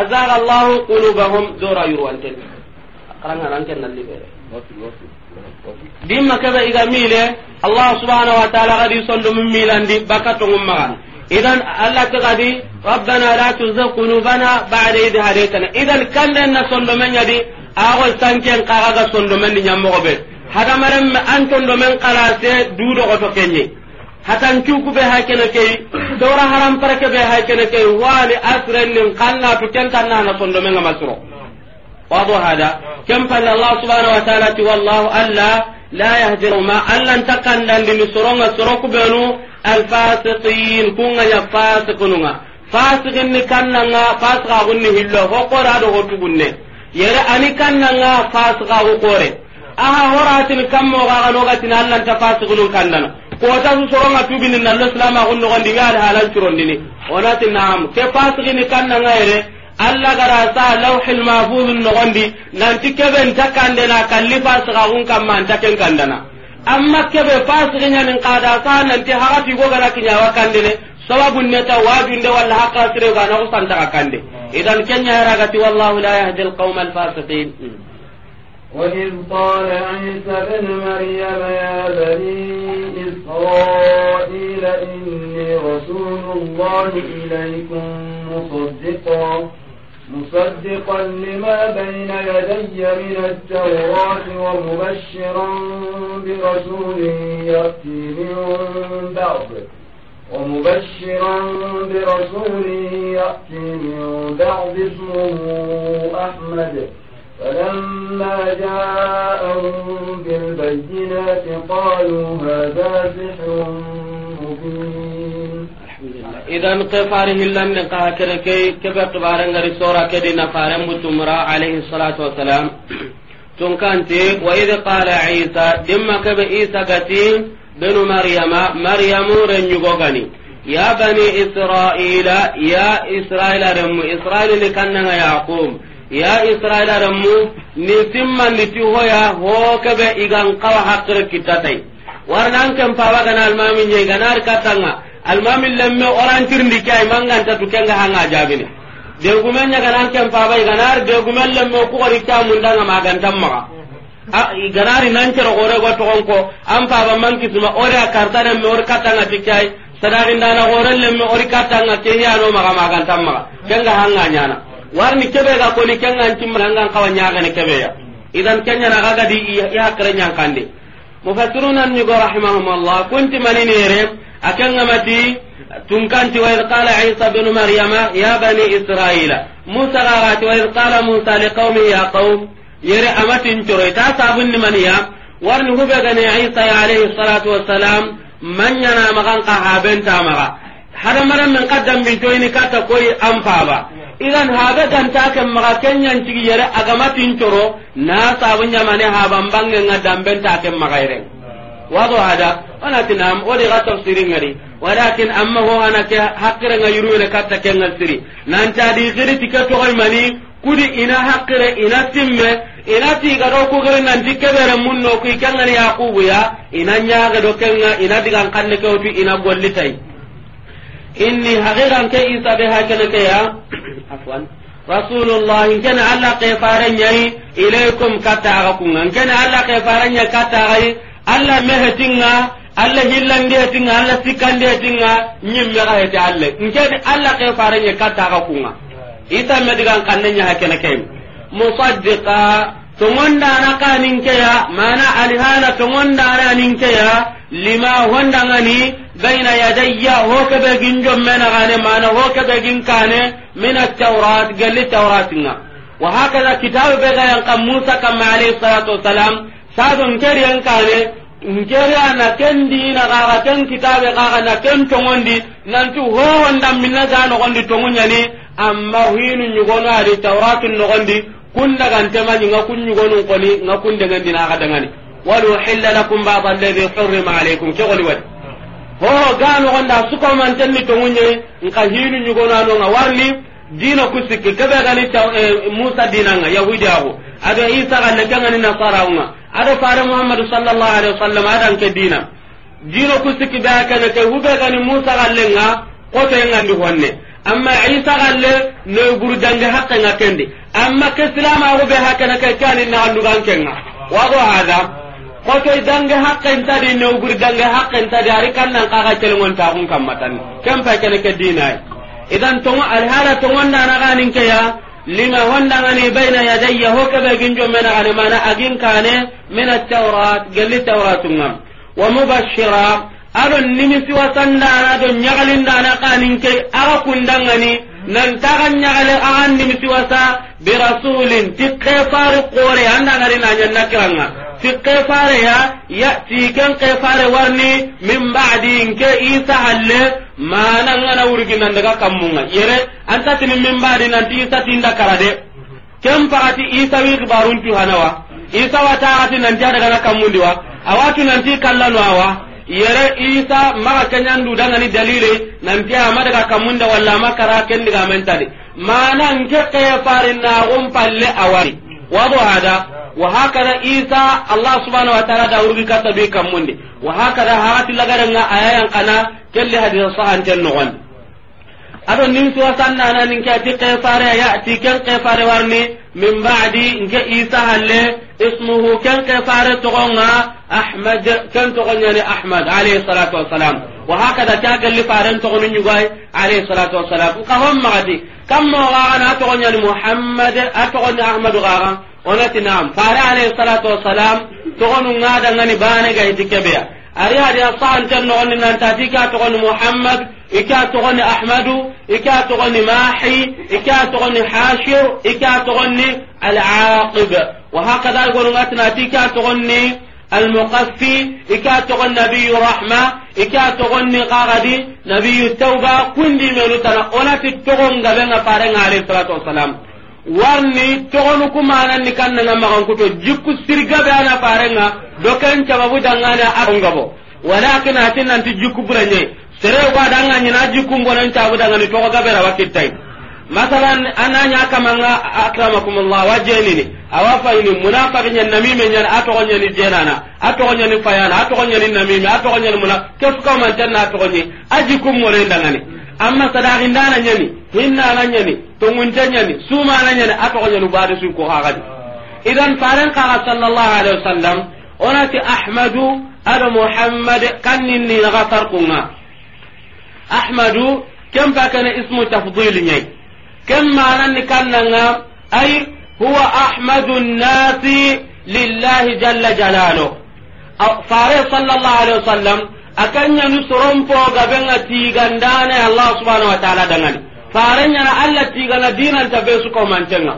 azaga allah qulubahum dora yurwanten karanga milandi bakato idan allah ta gadi rabbana la tuzigh qulubana ba'da idh hadaytana idan kallen na sondo yadi ago sanken kaga sondo men nyammo an tondo kala se hatan cuku be ha kene kei dora haram parake be ha kene kei wali asren nin kalla to kenta na na sondo men masro wado hada kam fa allah subhanahu wa ta'ala ti wallahu alla la yahdiru ma allan takandan din soronga soroku benu al fasiqin kunga ya fasiqununga fasiqin ni kannanga fasiqa gunni hillo ho qora do hotu gunne yere ani kannanga fasiqa ho qore aha horatin kammo ga ga no gatin allan ta fasiqunun kannana kotanu soronga tubini nallo silamaxun noxondi ga ada halan curondini onati naam ke fasigini kannanga yere allah gara sa lawhil mahfuzun noxondi nanti keɓen ta kandena kalli fasigaxun kamma anta ken kandana amma keɓe fasigiñanin kada sa nanti haxatigo gana kiñawa kandene sababu neta wajunde walla hakka na kusanta ka kande idan kenñaheragati wallahu la yahdi alqauma alfasiqin وإذ قال عيسى بن مريم يا بني إسرائيل إني رسول الله إليكم مصدقا مصدقا لما بين يدي من التوراة ومبشرا برسول يأتي من بعد ومبشرا برسول يأتي من بعد اسمه أحمد فلما جاءهم بالبينات قالوا هذا سحر مبين idan kefari hillan ne ka kere ke kebe tubaren gari sora ke dina faren mutumura alaihi salatu wasalam tun kante wa idan kala isa dimma kebe isa gati benu maryama maryamu ren yugo ya bani isra'ila ya isra'ila ren mu isra'ila ne kan nan yaqub ya israila ramu ni ni ti hoya kebe igan kawa hakkire kittatai warnan ken pawagana almami ñe ganar kattanga almami lemme orantirndi ke ay mangantatu kenga hanga jaabini degumen ñaganan ken paba iganar degumen lemme a camundanga magantan maga iganari nancero orego togonko an paba mankisuma ore a me ori katanga ti kay sadarin dana gore lemme ori katanga ke hiyano maga magantan maga kenga hanga na. warni kebe ga koni kengan timrangan kawa nyagane kebe ya mm. idan kenya na gaga di ya kare nyankande mufassiruna ni go rahimahumullah kunti manini yere akenga mati tunkanti wa idh qala isa ibn maryama ya bani israila musa rawati wa idh qala musa liqaumihi ya qaum yere amatin coro ta sabunni maniya warni hube gane isa alayhi salatu wassalam na magan qahabenta maga hada maran min qaddam bin toyni kata koy ampaba igan haga gantake maga kenyantigi yere agamatincoro na sabu nyamane habambangenga dambentake magayren wago hada onati nam odi ga tafsiringadi walakin amma ho anake hakkirenga yurure katta kenga siri nantadi xiri tike toxoy mani kudi ina hakkire ina simme ina tiga do kugere nanti kebere munno kuy kenga ni yakubu ya ina nyaage do kenga ina digan kanne kewtu ina gollitay inni haqiqan ke isa be hakene ke ya afwan rasulullah ken alla ke faranya ilaykum kata ken alla ke faranya kata alla mehetinga alla hetinga alla hetinga ga hete alle ken alla ke faranya kata medigan hakene tongondana kaninkeya mana alihala tongondana ninkeya lima hondangani baina yadayya hokebe ginjommenagane mana hokebe ginkane min ataurat galli tauratinga wahakaza kitabe kam musa kamma alayhi salatu wasalam sado nkeriyankane nkeriya na ken dinagaga ken kitabe gaga na ken tongondi nanti howondaminna zanogondi tongunyani amma hinu nyugono adi tauratu nogondi kun daga ntema nga kun nyugonun koni nga kun daga dina ga daga ni walu hilla lakum ba'd alladhi hurrima alaykum ke goli wadi ho ho gonda suko man to munye nka hinu nyugona nga warni dina kusiki kebe gani ta eh, Musa dina nga yahudi ada Isa kanga ni nasara nga ada Muhammad sallallahu alaihi wasallam ada dina dina kusiki ke Musa lenga ko honne amma isa galle no guru dange hakka nga kende amma ke silama go be hakka na kai kanin na andu gan kenga wa go hada ko to dange hakka inta di no guru dange hakka inta de ari kan nan kaga telengon ta kun kamatan kan fa kene ke dinai idan to al hala to wanda na ganin ke ya lima wanda ngani baina yadayya ho ke be ginjo mena ani mana agin kane mena tawrat galli tawratun wa mubashshira ado nimisi wasandana ado ñagalindana kanin ke aga kundangani nantaga ñagale aga nimisi wasa birasulin ti kefari kore andangari nañanna kiranga ti kefare ya yati ken kefare warni min badi nke isa halle manangana wurginandaga kammunga yere antatini min badi nanti isa tinda karade ken pagati isa wi kibaruntu hanawa isa wataagati nanti adagana kammundi wa awatu nanti kallanu awa yere isa maga kenyan du dangani dalile nanti ama daga kamunda walla ama kara kendi ga mentadi mana nke ke na gon palle awari wado hada wa isa allah subhanahu wa ta'ala da urugi kata bi kamundi wa hakada hakati lagara nga ayayan kana kelli hadisa sahan ten nogon ado nin suwa sanna na ke ati ya ati ken kee warni من بعد نك عيسى اسمه كان قفار تغنى أحمد كان تغنى أحمد عليه الصلاة والسلام وهكذا كاكل فارن تغنى نجاي عليه الصلاة والسلام وكهم مغدي كم غانا تغنى محمد أتغنى أحمد غارا ونتي نعم فارع عليه الصلاة والسلام تغنى نادا غني باني غايتي ari hadi asan tan no ni nan tati ka to ni muhammad ika to ni ahmadu ika to ni mahi ika to ni hashir ika to ni al aqib wa hakada gonu atna ka to ni al muqaffi ika to ni nabiy rahma ika to ni qaradi nabiy tauba kundi melu tan onati to ngal na pare ngale salatu wassalam warni togonu kumananni kannanga magankuto jikku sirgabe ana farenga doken cababu dangane agongabo walakin nan nanti jikku buranye sereu ga danga nyina jikku mbonen cabu dangani togo gabera wakittai masalan ananya kamanga akramakumullah wajenini awafaini nyen namime nyani atogonyani jenana nyen fayana atogonyani namime atogonyani muna kefuka mantanna atogonyani ajikum dangani amma sadaqindana nyani hinnana nyani tongunta nyani sumana nyani atogo nyani bade su ko hagadi idan faran kaga sallallahu alaihi wasallam onati ahmadu ada muhammad kannin ni naga tarkunga ahmadu kem pakana ismu tafdil nyai kem manan ni kannanga ay huwa ahmadu nasi lillahi jalla jalaluhu fare sallallahu alaihi wasallam akanya ni sorompo gabenga tigandane allah subhanahu wa ta'ala dangani faranya na allah tigana dinan ta su ko mantenga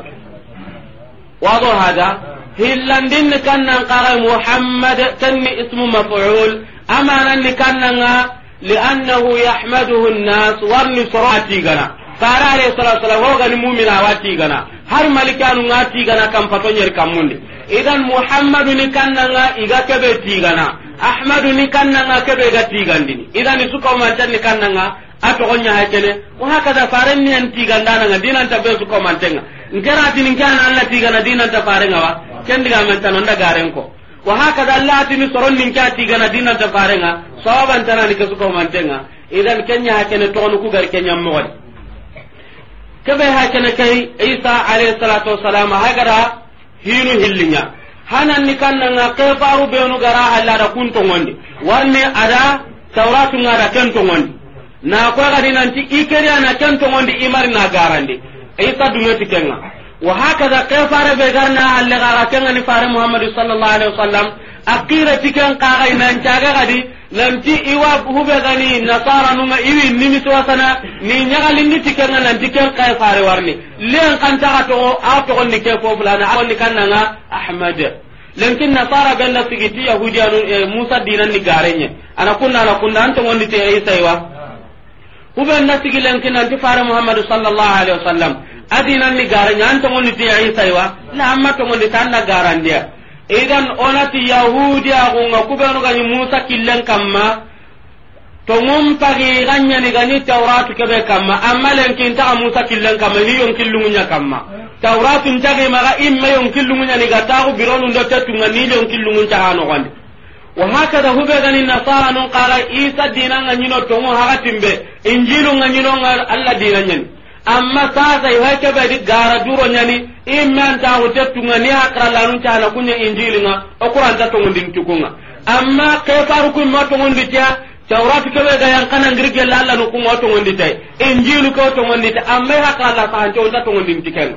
wado hada hillandin kannan qara muhammad tanni ismu maf'ul amanan kannanga لأنه يحمده الناس ورني صراتي غنا قال عليه الصلاة والسلام هو غني مؤمن واتي غنا wa tigana واتي غنا كم فتون يركمون إذا محمد كان غا إذا كبتي tigana. ahmadu ni kannanga kebe ga tigandini ni kanna kannanga a ha hakene wa hakaza faren ni en dinan ta be sukomantenga nkeratini nkana alla tigana dinanta ga wa onda nda ko wa hakaza allatini soronni ni a tigana dinanta farenga sawabantanani ke sukomantenga idan kenya hakene togonu ku gar kenya mogodi kebe hakene kai isa alayhi salatu wassalam hagara hinu hillinya hanan ni nga ke faru benu gara halla da kun ngondi warne ada tawratu da ken ngondi na ko gadi nanti ikeri ana ken ngondi imar na garande e ka dumeti kenga wa da ke faru be garna halla gara kenga ni faru muhammadu sallallahu alaihi wasallam akira tiken kaga inan ga gadi nanti iwa hube gani nasara nunga iwi nimi suwasana ni ñagalindi ti kenga nanti ken kay fare warni le kan taga togo a togonni ke fo fulana agonni nga ahmad lenkin nasara gella sigiti yahudiyanu eh, musa ni garenye ana kunna ana kunna an ni te isaiwa hube nda sigi lenkin nanti fare muhammadu sallallahu alaihi wasallam ni garenye an togondi te isaiwa la amma na garan garandiya idan onati yahudi agunga kubenu gani musa killen kamma to ngum pagi ganyani gani tawratu kebe kamma amma lenkin ta musa killen kamma ni yon killungunya kamma tawratu ntage maga imma yon killungunya ni gataku bironu ndo tetunga ni yon killungun ta hano gandi wa hakada hube gani nasara nun qara isa dinanga nyino tongo hakatimbe injilu nga nyino nga alla dinanya amma sasa bai di gara duro nyani ta hu hute nga ni hakra nun tana kunya injili nga okura anta tongundin tukunga amma faru kun ma tongunditia tawrat kebe ga yang kana ngiri gella Allah nu kunga tongundita injilu ko tongundita amma hakra la sa hanto anta tongundin tiken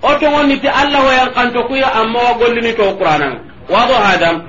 o tongundita Allah wa yang kanto kuya amma wa gollini to qur'anan wado hadam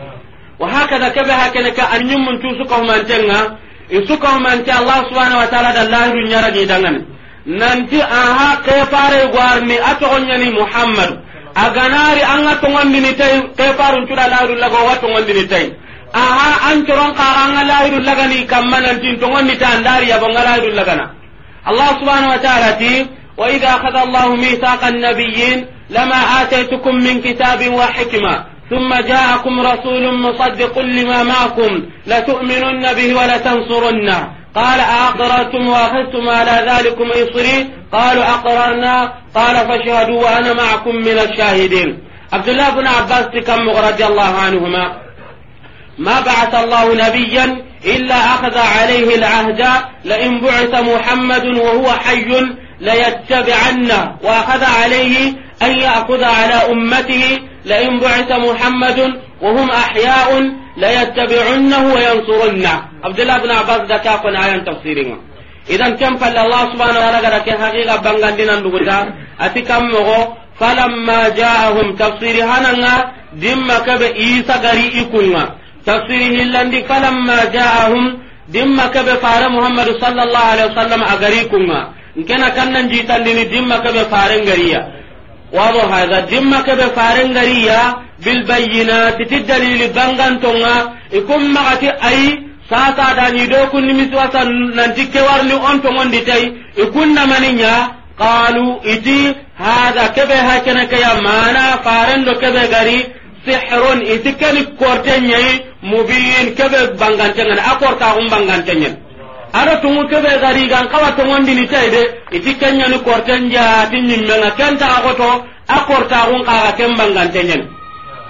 wa hakada kebe hakene ka anyum mun tusu ko mantenga isuka mante Allah subhanahu wa ta'ala da lahiru nyara ni dangane nanti aha kefare gwarni atoxoñani muhammadu aganari anga togondini tay kefarun cuɗa lahiru laga owa togondini tay aha an coron kaxa anga lahiru lagani kamma nantin togondita andari yabonga lahiru lagana allah subhanahu wa taala ti wa ida akada allahu mithaqa annabiyin lama ataytukum min kitabin wa hikma ثم جاءكم رسول مصدق لما معكم لتؤمنن به ولتنصرنه قال أقررتم وأخذتم على ذلكم إصري قالوا أقررنا قال فاشهدوا وأنا معكم من الشاهدين عبد الله بن عباس كم رضي الله عنهما ما بعث الله نبيا إلا أخذ عليه العهد لئن بعث محمد وهو حي ليتبعن وأخذ عليه أن يأخذ على أمته لئن بعث محمد وهم أحياء la yattabi'unnahu wa yansurunna abdullah ibn abbas da ta ko ayan tafsiringa idan kan palla allah subhanahu wa ta'ala ke haqiqa bangandinan duguta ati kam mogo falamma ja'ahum tafsiri hananga dimma kabe isa gari ikunga tafsiri hillandi a ja'ahum dimma kabe fare muhammad sallallahu alaihi wasallam agari kunga nkena kannan jitandini dimma kabe fare ngariya wado haza dimma kebe bil bilbayinati ti dalili bangantonga ikum magati ayi sasa dani do kunni miswasa nanti warni on tongondi tay maninya qalu iti hada kebe ke ya mana do kebe gari sihrun iti keni kortenye mubin kebe bangantengani a kortaxum bangantenyen ara tungu kebe gari gan kawa tongondi ni taide iti kenya ni korten ja tin nyimmenga kenta akoto akorta gun kaga kembangan tenyen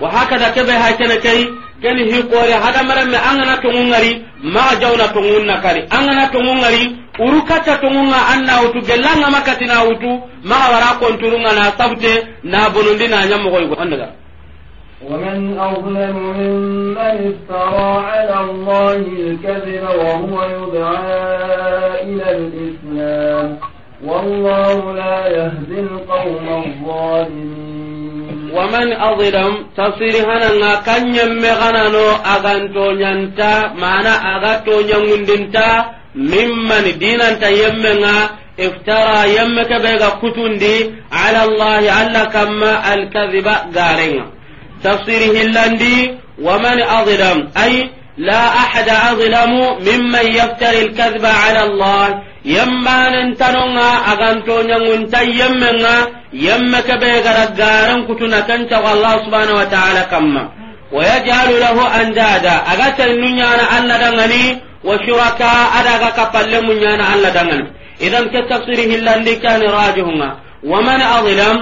wa hakada kebe haitene kai keni hi kore hada marame angana tungu ngari ma jawna tungu nakari angana tungu ngari tungu nga anna utu gelanga makati na utu maa wara konturunga na sabute na bonundi na nyamogoy gondaga ومن أظلم ممن افترى على الله الكذب وهو يدعى إلى الإسلام والله لا يهدي القوم الظالمين ومن أظلم تصير هنا كان يمي غنانو أغانتو نانتا معنى أغاتو نانتا ممن دينانتا يمنا افترى يمك بيغا كتندي على الله على كما الكذب غارينا tafsiri hillandi waman la ahada adlamu mimman yaftari alkadhiba ala allah yammanen tanonga aganto ñangunta yemmenga yemme keɓe gara garen kutuna kencago allah subhanau wa taala kamma ويجعل له أندادا أغتل نيانا ألا دغني وشركاء أدغا كفل نيانا ألا دغني إذا كتفسيره الذي كان راجهما ومن أظلم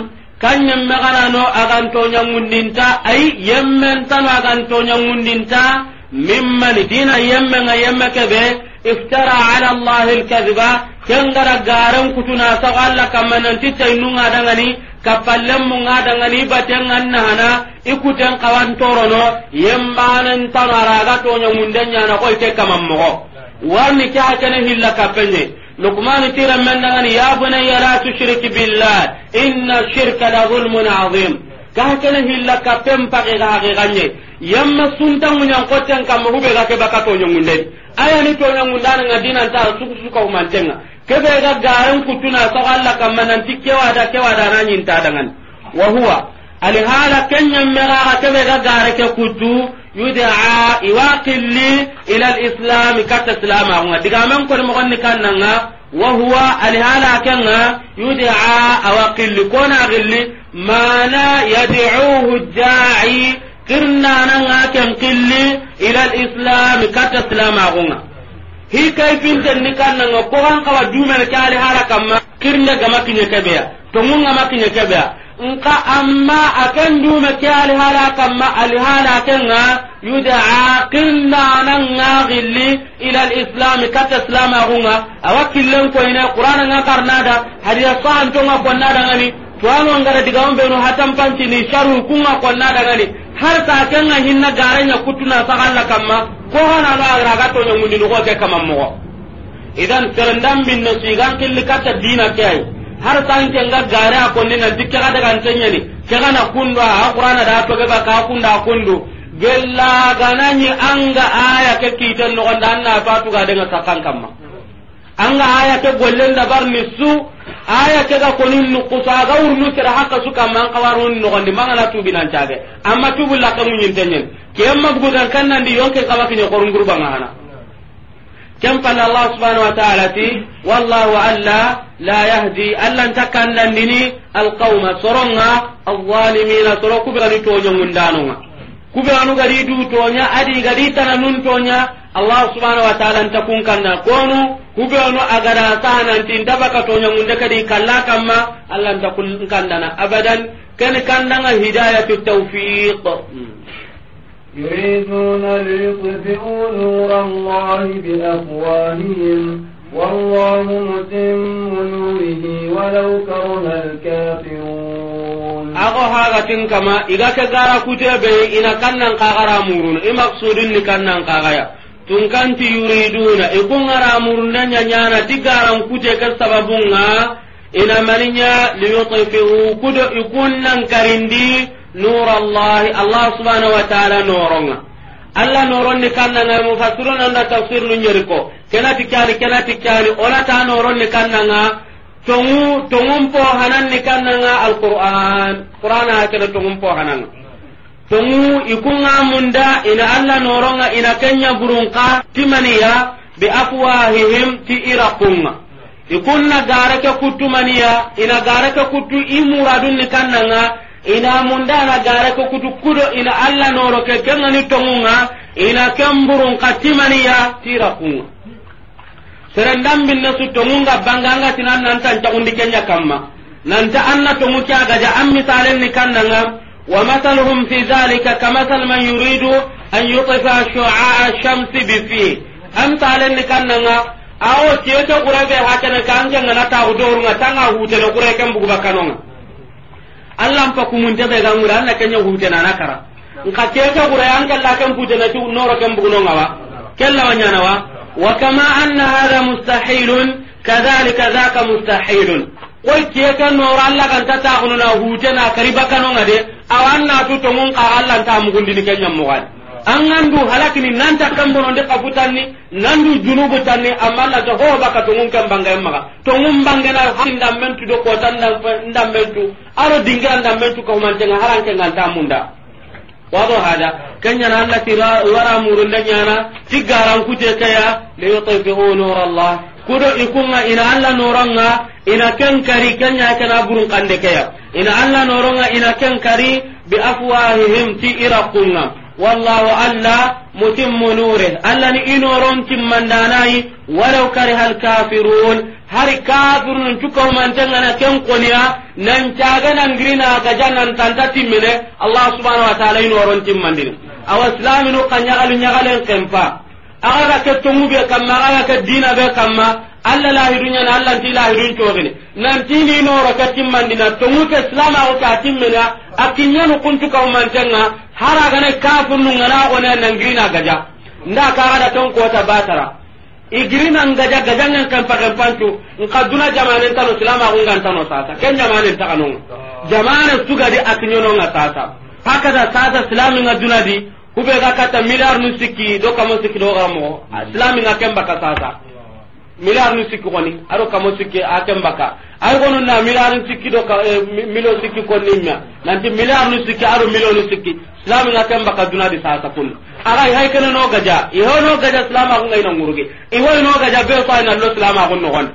kan yemme ganano agantoñangundinta ay yemmentano agantoñangundinta mimman dina yemme nga yemme kebe iftara ala allahi lkadiba gara garan kutuna sago allah kamma nantittay nungadangani kappallenmu ngadangani baten annahana ikuten kawantorono yembanentano araga toñangunde ñana koyte kaman mogo warni ke hakene hilla kapenye لقمان تيرا من دغني يا بني لا تشرك بالله إن الشرك لظلم عظيم كهكنا هلا كتم بقي غاغي غني يما سنتا من ينقوتا كما هو بغا كبا كتونيون من دين أيا نتونيون من دان غدين أنت سوك سوك ومانتنا كبا غا غارن كتنا سغالا كما ننتي كيوادا كيوادا نانين تادغن وهو الهالة كن يمرا كبا غا غارك كتو yudaa iwaqilli ila alislam katta islama hunga diga men ko mo gonni kannanga wa huwa alhala kenga yudaa awaqilli kona gilli mana yad'uhu da'i kirna nanga ken qilli ila alislam katta islama hunga hi kay finten ni kannanga ko han kawa dumel kali harakamma kirnde gamakinye kebeya to mun gamakinye kebeya nka amma akan dume ke alihala kamma alihala kenga yudaa qinnananga gilli ila alislam kata islama hunga awa ko ina qur'ana nga karnada hadiya konna da ngani tuwano ngara digawon hatam hatan ni sharu kunga da ngani har ta kenga hinna garanya kutuna kan ma ko hana la agra ga to nyamuni no ko ke kamammo idan serendam bin no sigan dina kai har sanke nga gare a konni nan dikke ga daga ntenya ni ke na kundu a qur'ana da to ga ka kundu a kundo gella ni anga aya ke kiten no ganda anna fatu ga daga sakan kamma anga aya ke gollen da bar ni su aya ke ga ni nu kusa ga urnu kira haka suka man qawarun no gandi mangala tu binan tage amma tu bulla kamun yintenyen ke amma bugan kan nan di yonke kawaki ne korun gurba ngana كم قال الله سبحانه وتعالى تي والله ألا لا يهدي ألا انتكن لندني القوم سرنا الظالمين سروا كبرا لتوجه من دانونا كبرا نغري دو تونيا أدي غري تنانون تونيا الله سبحانه وتعالى انتكون كنا كونو كبرا نغرا سانا انتين دبك تونيا من دكري كلا كما ألا انتكون كنا أبدا كان كنا هداية التوفيق يريدون ليطفئوا نور الله بأفواههم والله متم نوره ولو كره الكافرون أغو هاغتين كما إذا كغارا كتابه إنا كنن قاغرا مورون إمقصودين كنن قاغيا tunkanti yuriduna ikungara murna nyanyana tigaran kute ka sababunga ina maninya liyutfi'u kudo ikunnan karindi نور الله الله سبحانه وتعالى نورنا الله نورن كان نغا مفسرون ان تفسير نيركو كنا تكاري كنا تكاري ولا تا نورن كان نغا تونغو تونغم بو هانن كان نغا القران قران هكذا تونغم بو هانن تونغو يكون موندا ان الله نورنا ان كنيا برونقا تمنيا بافواههم تيرقون ikunna garake kuttu maniya ina garake kuttu i muradunni kannanga ina mundana gare ko kutu kudo ina alla noro ke kengani tongunga ina kemburun katimani ya tira serendam bin su tongunga banganga tinan nanta tagundi kenya kamma nanta anna tongu gaja am misalen ni kannanga wa mathaluhum fi zalika kamathal man yuridu an yutifa shu'a ash-shamsi bi fi am talen ni kannanga awo tiyo kurabe hakana kanga ta udorunga tanga hutelo kureke bugu bakanonga allah mpa kumunte be gangure anna kenya hutena na kara nka ka gura an kalla kan putena tu noro kan bugno ngawa kella wanyana wa wa kama anna hadha mustahilun kadhalika dhaka mustahilun koy keka noro allah kan tata na hutena kariba kanonga de awanna tu mun ka allah ta ni kenya mugani angandu halakini nanta kambononde kafutanni nandu junubu tanni amma nata hoobaka tongum ke mbangayen maga tongum mbangena hai ndammentu do kota ndammentu aro dingira ndammentu kahumantenga harankenganta munda wado hada kenyana allati wara murunde nyana tigarankute keya liyutifihu nur allah kudo ikunga ina alla noronga ina ken kari kana burun kande keya ina alla ina bi afwahihim ti wallahu alla mutimmu nure alla ni inoron timmandanayi walau kariha alkafirun hari kafirun cukaumantengana ken koniya nan caganangirina gajannan tanta timine. allah subhanau wa taala inoron timmandini awa islaminu ka ñagalu ñagalen kempa aga ga ke tongu be kamma aga ga ke dina be kamma alla lahiduñani alla nti lahidun cogini nantini noro ka timmandina tonguke silamaku ka timmina a kiñanu kuntukaumantenga haragana kafirnungana gone nangirina gaja nda kagada ton kota batara igirina ngaja gajangen kempa kempancu nka duna jamanen tano silamaku ngantano sata ken jamanen takanonga jamane sugadi a kiñononga sasa hakada sasa silaminga dunadi hube ga kata miliar nu sikki do kamo sikki do garamogo silaminga kemba ka sasa milarni sikki koni aɗo kamo sikki a kembaka ay gonu na milarni sikki do e, milo sikki konnimmea nanti milarni sikki aɗo miloni sikki islami ga kembaka dunadi sasa kun aray hay kene no gaja iho no gaja silamakunga ina ngurugi iho no gaja be so ayna lo silamakun nogon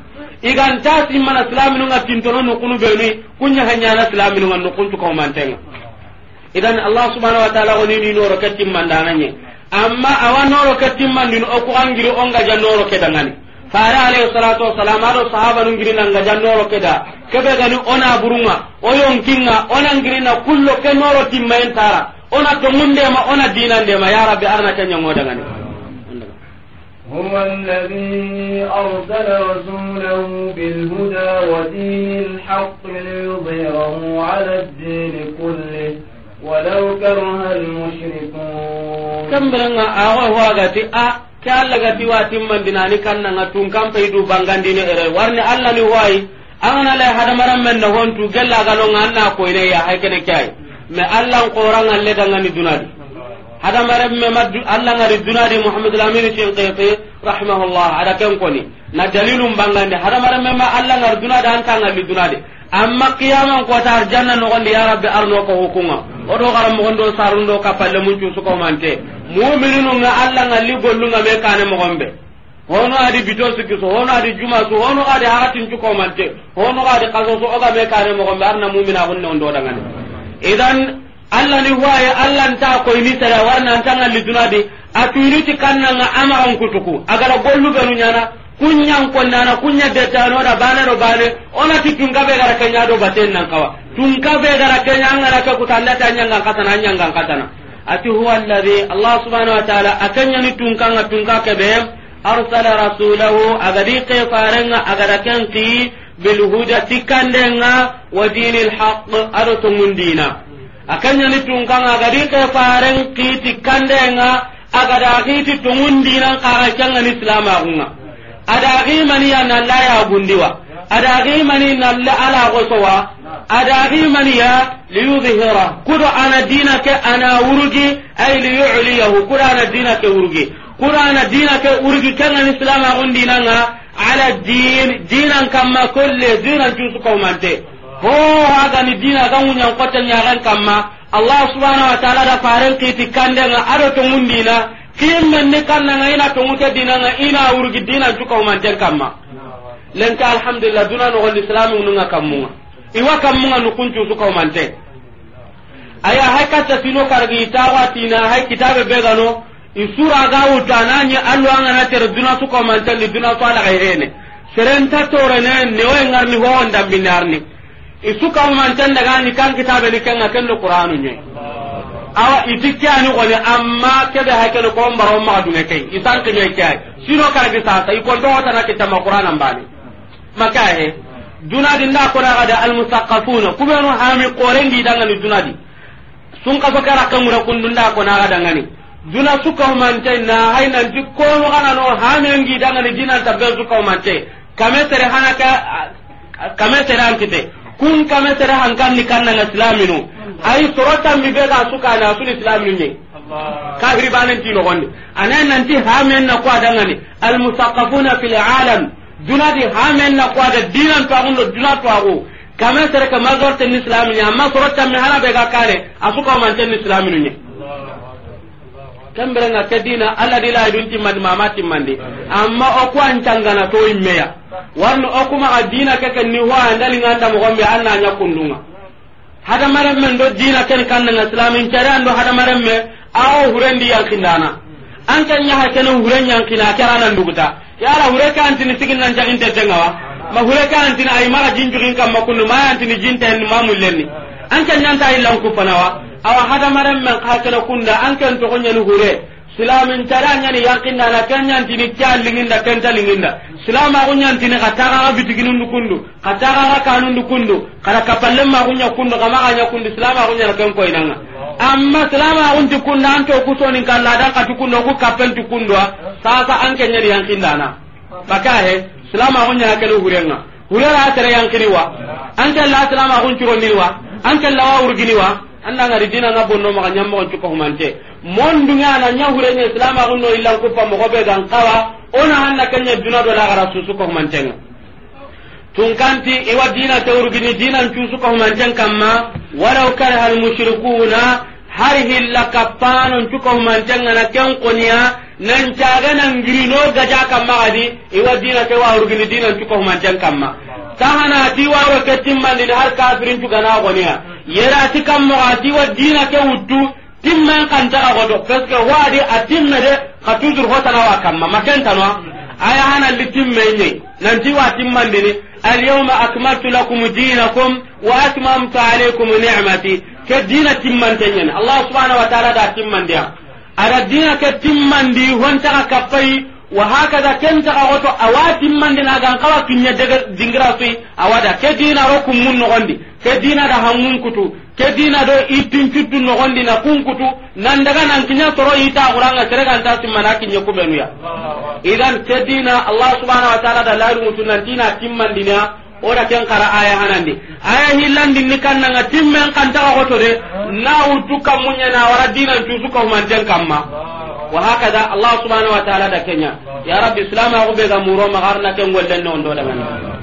iganta simmana silaminunga tintono nukunu benui kunyaha ñana silaminunga nukuncukahumantenga idan allah subhanau wa taala gonini noro ke timmandananye amma awa noro ke timmandini oku angiri ongaja noro ke dangani fare alayhi salatu wassalam ado sahaba nu ngirina nga jannoro keda kebe gani ona burunga oyonkinga ona ngirina kullo ke noro timmayen tara ona tongundema ona dinandema ya rabbi arna kenñangodagani هو الذي أرسل رسوله بالهدى ودين الحق ليظهره على الدين كله ولو كره المشركون كم بلنا أغوى غتي ke Allah ga tiwa timman dinani na nga tun kan pay du bangandi ne ere warni Allah ni wai hada maram men gella ga ko ine ya hay kene kay me Allah daga ni dunadi hada maram me mad Allah ngari dunadi Muhammad al-Amin rahimahullah ada koni na dalilum bangandi hada maram me ma Allah ngar dunadi an kan dunadi amma qiyaman kota arjanna nogondi ya rabbi arno ko hukunga oɗo garamogondo sarundo kapalle mun ko nga cusukomante nga li ngalli nga me kane mogonɓe hono adi bito sikkiso hono adi juma su hono adi haratin cukomante hono adi kasoso oga me kane mogonɓe arna mumina gunne on dodangani idan allah ni huwaye allah nta koyni sere warna nta ngalli dunadi a kanna nga amaran kutuku agara golluɓenu ñana kunya konnana kunya betano da bane do bane ona ti tunga be gara kenya do baten nan kawa tunga be gara kenya ngara ka kutanda tanya ngang katana nyanga katana ati huwa alladhi allah subhanahu wa ta'ala akanya ni tunga nga tunga ke be arsala rasulahu agadi ke farenga agada kanti bil huda tikandenga wa dinil haqq ado tungundina akanya ni tunga nga agadi ke faren ki tikandenga agada hiti tungundina kara kanga ni islamagunga ada mani ya na ya gundiwa ada mani na ala gosowa ada mani ya liyudhira kudo ana dina ke ana urugi ay liyuliyahu kudo ana dina ke urugi kudo ana dina ke urugi kan islam agundina nga ala din dinan kamma kulle dinan jusu kawmante ho haga ni dina kan munyan kotan ya kan kamma allah subhanahu wa ta'ala da faran kiti kandanga ado to mundina kiyen men ne kan na ina to muta dinanga ina urgi dina juka o manten kamma lenka alhamdulillah duna no gol islam nunga iwa aya ta tina hay kitabe ga allo na ter duna suka o manten li duna to ala gayrene serenta tore ne ne o ngarni ho ndam binarni isuka o manten daga ni kan kitabe ni kan qur'anu awa itikki ani goni amma kebe hakene ko baro ma dune kai isan ke ne kai sino kar bi sa sai ko do tana ke tama qur'anan bani maka he dunadi nda ko na ada al kuma no hami qorengi danga ni di. sun ka so kara kan mura kun da ko na ada ngani duna suka man tay na hay nan di ko no kana no hami ngi danga ni dinan su suka man tay kame tere hanaka kame tere an kite kun kame tere hankanni kannanga silaminu ayi soro sorotammi be ga sukane asun islaminu ñeng kafiri banenti nogondi anayi nanti hamen na ko adangani almusakafuna fi lalam dunati hamen na ko ada dinan twagundo duna twagu kame tere ke mazortenni islaminu ñe amma sorotammi hala be ga kane asukamantenni islaminu ñeng kambere nga kedina alla dila dun timmandi mama timmandi amma oku ancangana to immeya warno okuma a ke ken ni wa andali nganda mogonɓe an na hada maram men do dina ken kannanga silamin cara an hada maram me awo hurendi yankindana an ken ñaha kene hure ñankina kerana nduguta yala hure ka antini siginnan wa. ma hure ka antini ay mara jinjugin kamma kundu ma antini jintenni ma mullenni an ken ñanta illankuppanawa awa hadamaren men kakene kunda an ken togoñani hure silamin tara ñani yakin na ken ñantini ke a linginda ken ta linginda silamaxu ñantini xa taxaxa bitiginindu kundu xa taxaxa kanundu kundu xara kapallemaxuña kundu xamaxaña na silamaxuñana ken koynanga amma silamaxunti kunda an to ku sonin kalla adan xati kundu oku kappenti kundua sasa an ke na na baka he silamaxuñana kene hurenga hurera a tere yankini wa an kella silamaxuncurondini wa an la wa urgini wa anda ngari dina nga bonno maka nyam mo cuko humante mon na nya hure ne islam a gunno illan ku pa mo be gan kawa ona anna kanya duna do la gara susu ko humante nga tunkanti iwa dina tawru gini dina cusu ko humante kamma walau kana al mushrikuuna har hilla kappano cuko humante nga na kyan konya nan caga nan giri no gaja kamma gadi iwa dina ke wa urgini dina tu ko man jan kamma tahana ti wa wa ke timman din har kafirin tu gana goniya yera ti kamma gadi wa dina ke wuttu timman kan ta godo peske wadi atinna de khatuzur hota na wa kamma maken tanwa aya hana litimme ni nan ti wa timman din al yawma akmaltu lakum dinakum wa atmamtu alaykum ni'mati ke dina timman tanyen allah subhanahu wa ta'ala da timman dia ada dina ke timmandi ka kappai wa hakaza kentaka goto awa timmandi gan kala kinya dingra sui awada ke dina ro mun ngondi ke dina da hamun kutu ke dina do itin cuttu ngondi na kun kutu nan daga nan kinya toro ita tere kan ta timmana kinya benuya idan ke dina allah subhanahu wa ta'ala da laru mutunan dina na oda ken kara aya hanandi aya hillandi ni kannanga timmen kantaga koto de na urtu kammunya na wara dinan cusu ka humanten kamma wa hakada allah subhanahu wa ta'ala da kenya ya rabbi islam aku be gamuro magarna ken gollen non da daga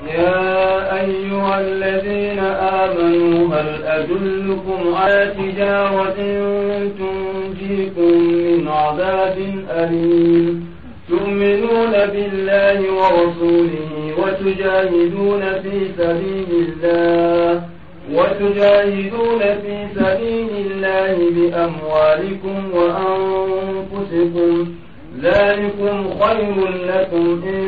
يا أيها الذين آمنوا هل أدلكم على تجارة تنجيكم من عذاب أليم تؤمنون بالله ورسوله وتجاهدون في سبيل الله وتجاهدون في سبيل الله بأموالكم وأنفسكم ذلكم خير لكم إن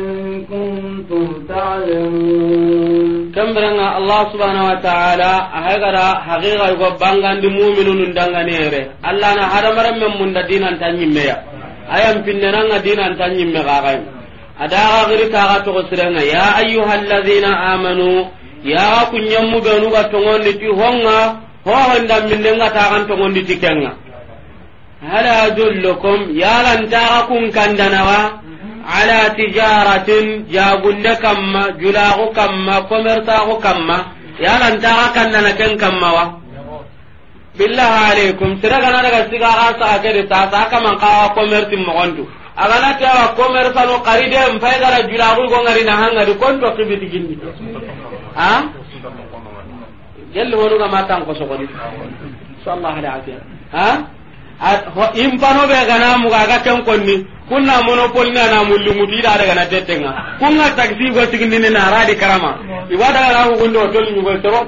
كنتم تعلمون كم برنا الله سبحانه وتعالى هكذا حقيقة يقول بانغان دي مؤمنون دانغانيري الله نهار مرمم من دينا تنمي ayam pinnenanga dinan tan ñimme kaxay adaxa ta kaxa toxo sirenga ya ayuha alladina amanu yaxa kuñammu ɓenuga togonditi honga hoxondanminnenga taxan ti kenga hala dullukum yalantaxa kun wa ala tijaratin jagunde kamma julaxu kamma commerçaxu kamma yalantaxa kandana ken wa. billahi alaikum gana daga siga a saga kede sasa aka man gara na hangari gindi ha ga matan ko alaihi ha be gana mu ga ga ken konni kunna monopole na na da daga na tetenga kunna taxi go tigindi na radi karama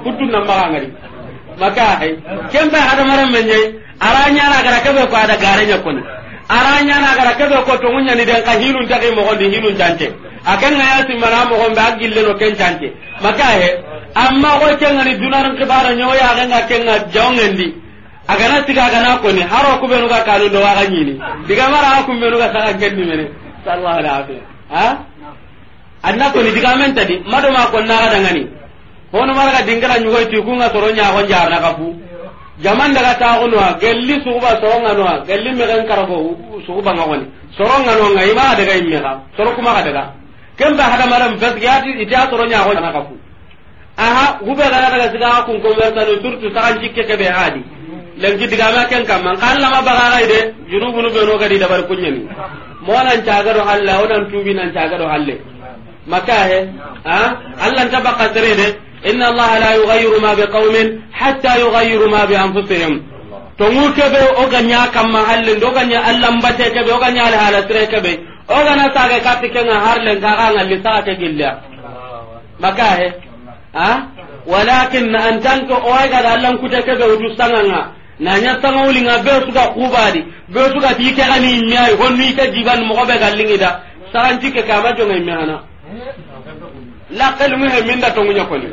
puttu na ma maka hay ba hada maran menye aranya na gara kebe ko ada garanya kun aranya na gara kebe ko to munya ni den ka hinun ta mo gondi hilun tante akan yasi mana mo gombe agille no ken tante maka he amma ko kenga ni dunaran kibara nyo ya ganga kenga jongendi na tiga ko ni haro ku be no ga kalu do waga nyini diga mara ku be no ga saka ni mene sallallahu alaihi ha anna koni diga men tadi madoma ko na ga dangani hono marga dingara nyugo tu ku nga nya ho jarna kabu jaman daga ta gono gelli suba soro no gelli me kan karago suba woni soro ngano ngai ma daga imme ka soro kuma ka daga kem ba hada maram fes yati ita soro nya hon jarna kabu aha hube daga daga siga ku ko werta no turtu sakan cikke ke be adi lengi diga ma ken kam man kala ma ga ide junubu no be no di dabar ni mo nan tagaro halla onan tubi nan jagaro halle maka he ha allah ta baka sere de إن الله لا يغير ما بقوم حتى يغيروا ما بأنفسهم tongu kebe o ganya kam mahallin do ganya allan bate kebe o ganya ala hala sire kebe o gana saga katti kenga harlen ka ga li saga ke gilla maka he ha walakin an tanto o ga allan kute kebe udu sanganga nanya sanga uli nga be suka kubadi be suka ti ke ani nyai honni ke jiban mo be gallingi da saranti ke kama jonga imana laqel mu he minda to ngunya koni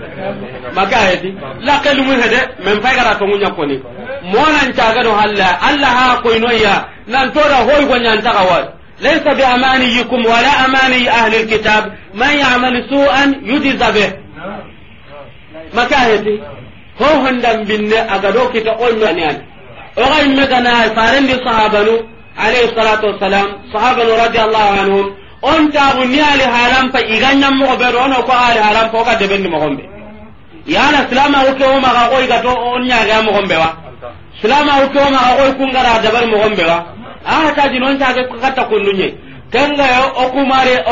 maka hedi laqel mu he de men fay gara to ngunya koni monan caga do halla alla ha ko inoya nan to da hoy go nyanta kawa laysa bi amaniyikum wala amani ahli alkitab man ya'mal su'an yujza bih maka hedi ho hondam binne aga do kita on no nyani o ga imme kana di sahabanu alayhi salatu wassalam sahabanu radiyallahu anhum on bu ni ali halanpa iga ñammoxo ɓeeɗo ono ko ali halanpa oga deɓenni moxonɓe yana silamaxu ke wo ko iga to on mo gombe wa silamaxu ke ku ngara da bar mo gombe wa a hataji non ko katta o ku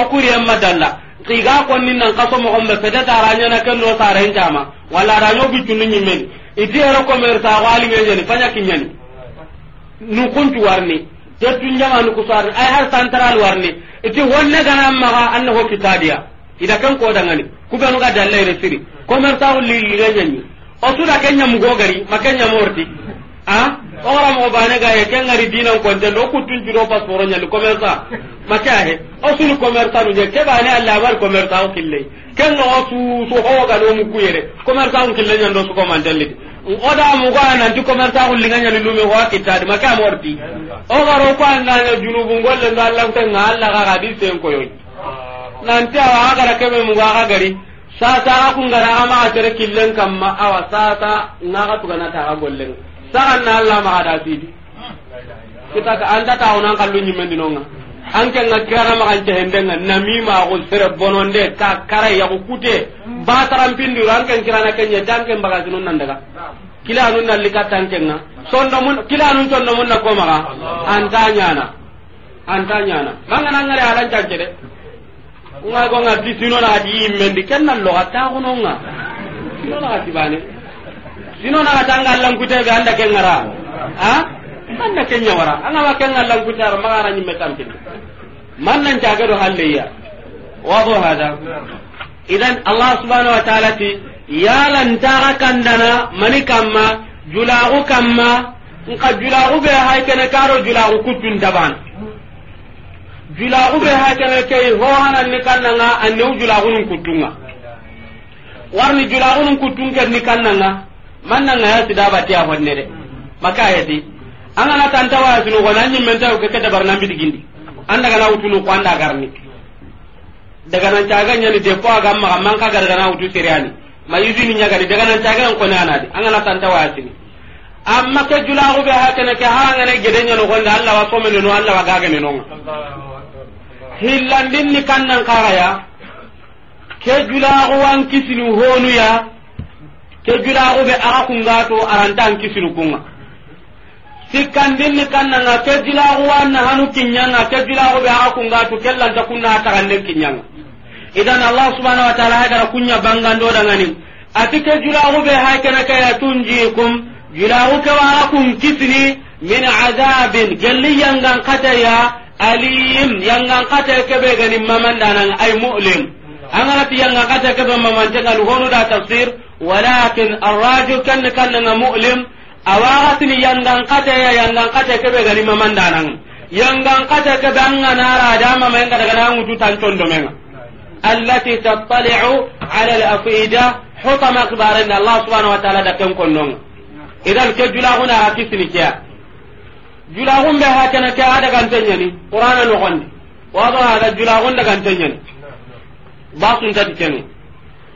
okumare madalla tiga ko konni nan kaso moxonɓe peut être arañana kendo saren cama walla araño buccundu ñimmeni iti ero commerce axo aliŋeñani fanya kinyani nu kuntu warni tettun ku sar ay har santral warni iti wonne gana maga anna ho kitabiya ida kan ko dangani ku ga ga dalle re siri commerçant li li renyanyi o suda kenya mugogari makenya morti a ora mo bane ga ye ken ngari dinan konte do kutun juro passeport nyali ta maka he o sunu commerçant je ke bane alla war commerçant kille ken su su ho ga do mu kuyere commerçant kille nyando su ko mandalle oda mu ga nan ti komerta ko linga nyani lumi wa kitadi maka amorti o garo ko an ga junubu ngolle ga Allah ta nga Allah ga ga disen ko yoy nan ta wa ga ra kebe mu ga ga gari sa ta ku ngara ama a tere killen ma awa sa ta na ga tuga na ta ga gollen sa an Allah ma da sidi kita ka anda ta onan kallu di dinonga an ke nga gara ma kan cehen denga na mi ma ko sere bononde ka kare ya ko kute ba taram pindu ran kan kirana kenya tan ke mbaga sunun nan daga kila nun na lika tan ke nga sondo mun kila nun sondo mun na ko ma antanya na antanya na mangana ngare alan tan ke de nga go nga ti sino na di mendi ken nan lo ata ko non nga sino na ti bane sino na tanga lan kute ga anda ke ngara ha man na kenya wara anga ken kenga lan kutar ma ara nyimme tamkin man nan jaga do halleya wado hada idan allah subhanahu wa ta'ala ti ya lan tara kandana mani kamma julagu kamma nka julagu be hay kene karo julagu kutun daban julagu be hay kene kay ho hanan ni an ne julagu nun kutunga warni julagu nun kutunga ni ni kannanga man nan ya sidaba tiya a honne de maka di angana tanta waya sunu ko nan men taw ke kada barnan bi digindi anda kana utunu ko anda garni daga nan caga nyani de ko aga ma man ka daga na wutu seriani ma yuzini nyaga de daga nan caga nan ko nana de angana tanta waya sunu amma ke jula ko be ha ke haranga ne gede nyano ko nda Allah wa ko men no Allah wa gaga ne no hillandin ni kannan karaya ke jula ko wan kisinu honu ya ke jula ko be aga kunga to aranta an kisinu kunga kanna kannanga ke jilaxu anna hanu kinñanga ke ha ɓe axa kungatu ta kunna a taxanden kinñanga idan allah subhanahu wa taala hagara kunya bangandoɗangani ati ke be ha kene ke kum julaxu ka wa kun kitni min azabin gelli yangan kataya alim yangan kataya keɓe gani mamandananga ay mulim ke be kataya keɓe mamantengal honu da tafsir walakin arrajul kanna kannanga mulim awaxatini yangan kateya yangan kate keɓe gani mamandanang yangan kate keɓe an ganara adamamaen gadagana ŋutu tancondomenga allati tattaliu ala alafida hutam kibarende allah subhanahu wa taala daken konnonga idan ke julaxuna xa kisini keya julaxun ɓe xa kene ke a ni qurana wa ba ada ba daganteñani ta dikeni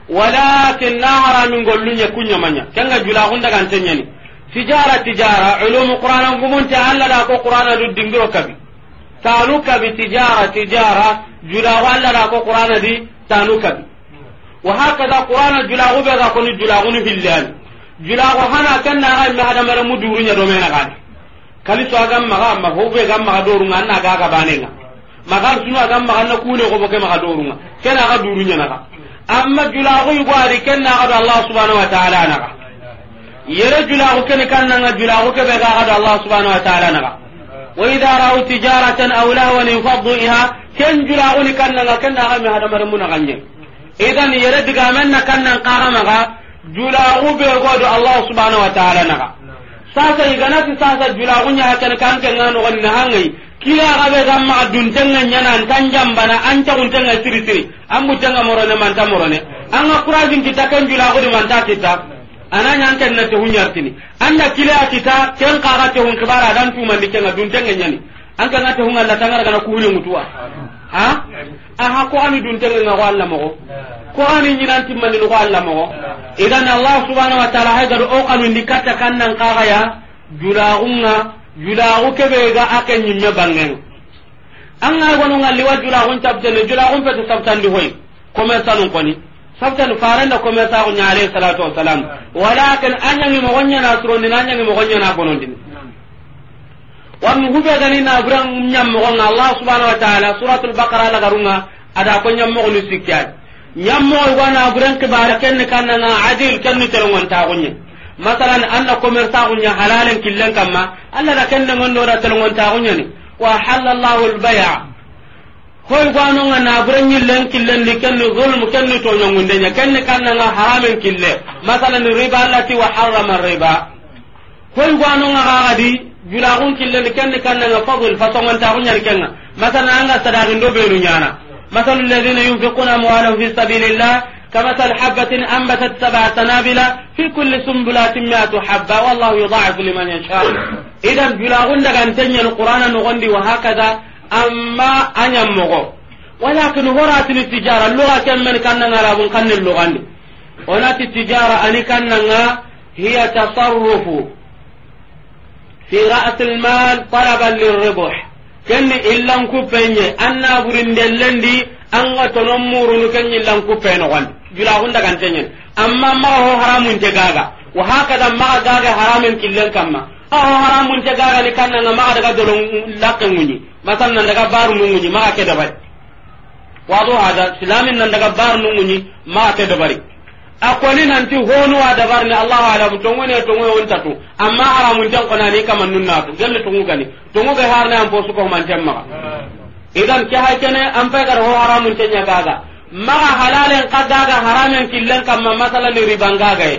walakin naxara min kunya kanga golluñe kuñamaña kenga julaxun ni. tijara tijara ulum qur'ana gumunta alla da ko qur'ana du dingiro kabi tanu kabi tijara tijara jula walla da ko qur'ana di tanu kabi wa hakada qur'ana jula go be ga ko ni jula go ni hillan jula go hana kan na ga hada mara muduru nya do me mena ga kali so aga maga ma ho be ga maga doru nga na ga ga banenga maga sunu aga maga na ne go boke maga doru nga kena ga duru nya na ga amma jula go yugo ari ken na ga Allah subhanahu wa ta'ala na ga yere julaxu kene kan nanga julaxu keɓe ga xado allah subhanau wa taala naxa wa ida ra'u tijaratan aw lahwan infaddu iha ken julaxuni kan nanga ken naxame hadamaremu naxanñe idan yere digamen na kan nan kaxamaxa julaxu ɓegodo allah subhanau wa taala naxa sasa iganati sasa julaxu ñaxa kene kan kenga noxoni naxangey kila gabe gamma aduntenga nyana antan jambana anta untenga siri siri ambu tanga morone manta morone anga kurajin kita kan jula ko di manta kita ananya anken na te hunyartini anda kile akita ken kaga te hun kibara dan tuma dikenga duntenga nyani anka te hun Allah tangara kana kuhuni mutuwa ha aha ko ani duntenga ngako Allah mo ko ani nyinan ni ko Allah mako idan Allah subhanahu wa ta'ala hay gado o kanu ndikata kannan kaga ya julagunga julagu kebe ga aken nyimme bangen an ga gonu ngalli wa julagun tabtene pe tabtan di hoy ko me ko koni sabtan farenda kome saxuña alayhi salatu wa salam walakin mi mi mogonya na suron a ñangi moxonñana surondini a ñangi moxonñana bonondini warni huɓegani nabura ñammoxonga allah subhanahu wa taala suratul baqara la garunga ada ko nyam ñammoxoni sikkeani ñammoxoy wa naburen kibare kenni na adil kan kenni telongontaxuñe masalan anna ta commerçaxuña halalen killen kamma allah da kennengonnoda telongontaxuñani wa halallahu al lbaya koy ko anon na nabure ni len killen ni ken ni zulm ken ni to nyongunde nya ken ni kan nga haramen kille masalan riba lati wa harama riba koy ko anon nga gadi jula kun kille ni ken ni kan nga fadl fa to ngal tawun yar ken masalan anga sadaqi ndo beru nyana masalan alladhina yunfiquna amwalahum fi sabilillah kamathal habatin anbatat sab'a sanabila fi kulli sumbulatin mi'atu habba wallahu yud'ifu liman yasha idan jula kun daga tanyal qur'ana no gondi wa hakaza amma anyam mogo walakin horatini tijara lura ken luga kemmen kannanga arabun kannin lugandi ti tijara ani nga hiya tasarrufu fi ra's almal talaban lirribuh ken illan ku penye anna burin burindellendi anga tonon murunu ken illan ku peno jula kupenogondi julahun tenye amma ma ho haramun te gaga wa hakada ma gaga haramun killen kamma aho haramun ce gagani na maga daga dolo lakke ŋuñi masan nan daga mun munyi maga ke dabari wato hada silamin nan daga mun munyi maga ke dabari a koni allah ala mun allahu ne tongo won tatu amma haramun kaman konani kamannun natu gelle tongugani tonguge su ko man jamma idan ke hay kene an fay gar ho haramun tenya gaga maga halalen ka gaga haramen killen kamma masalan ga gaga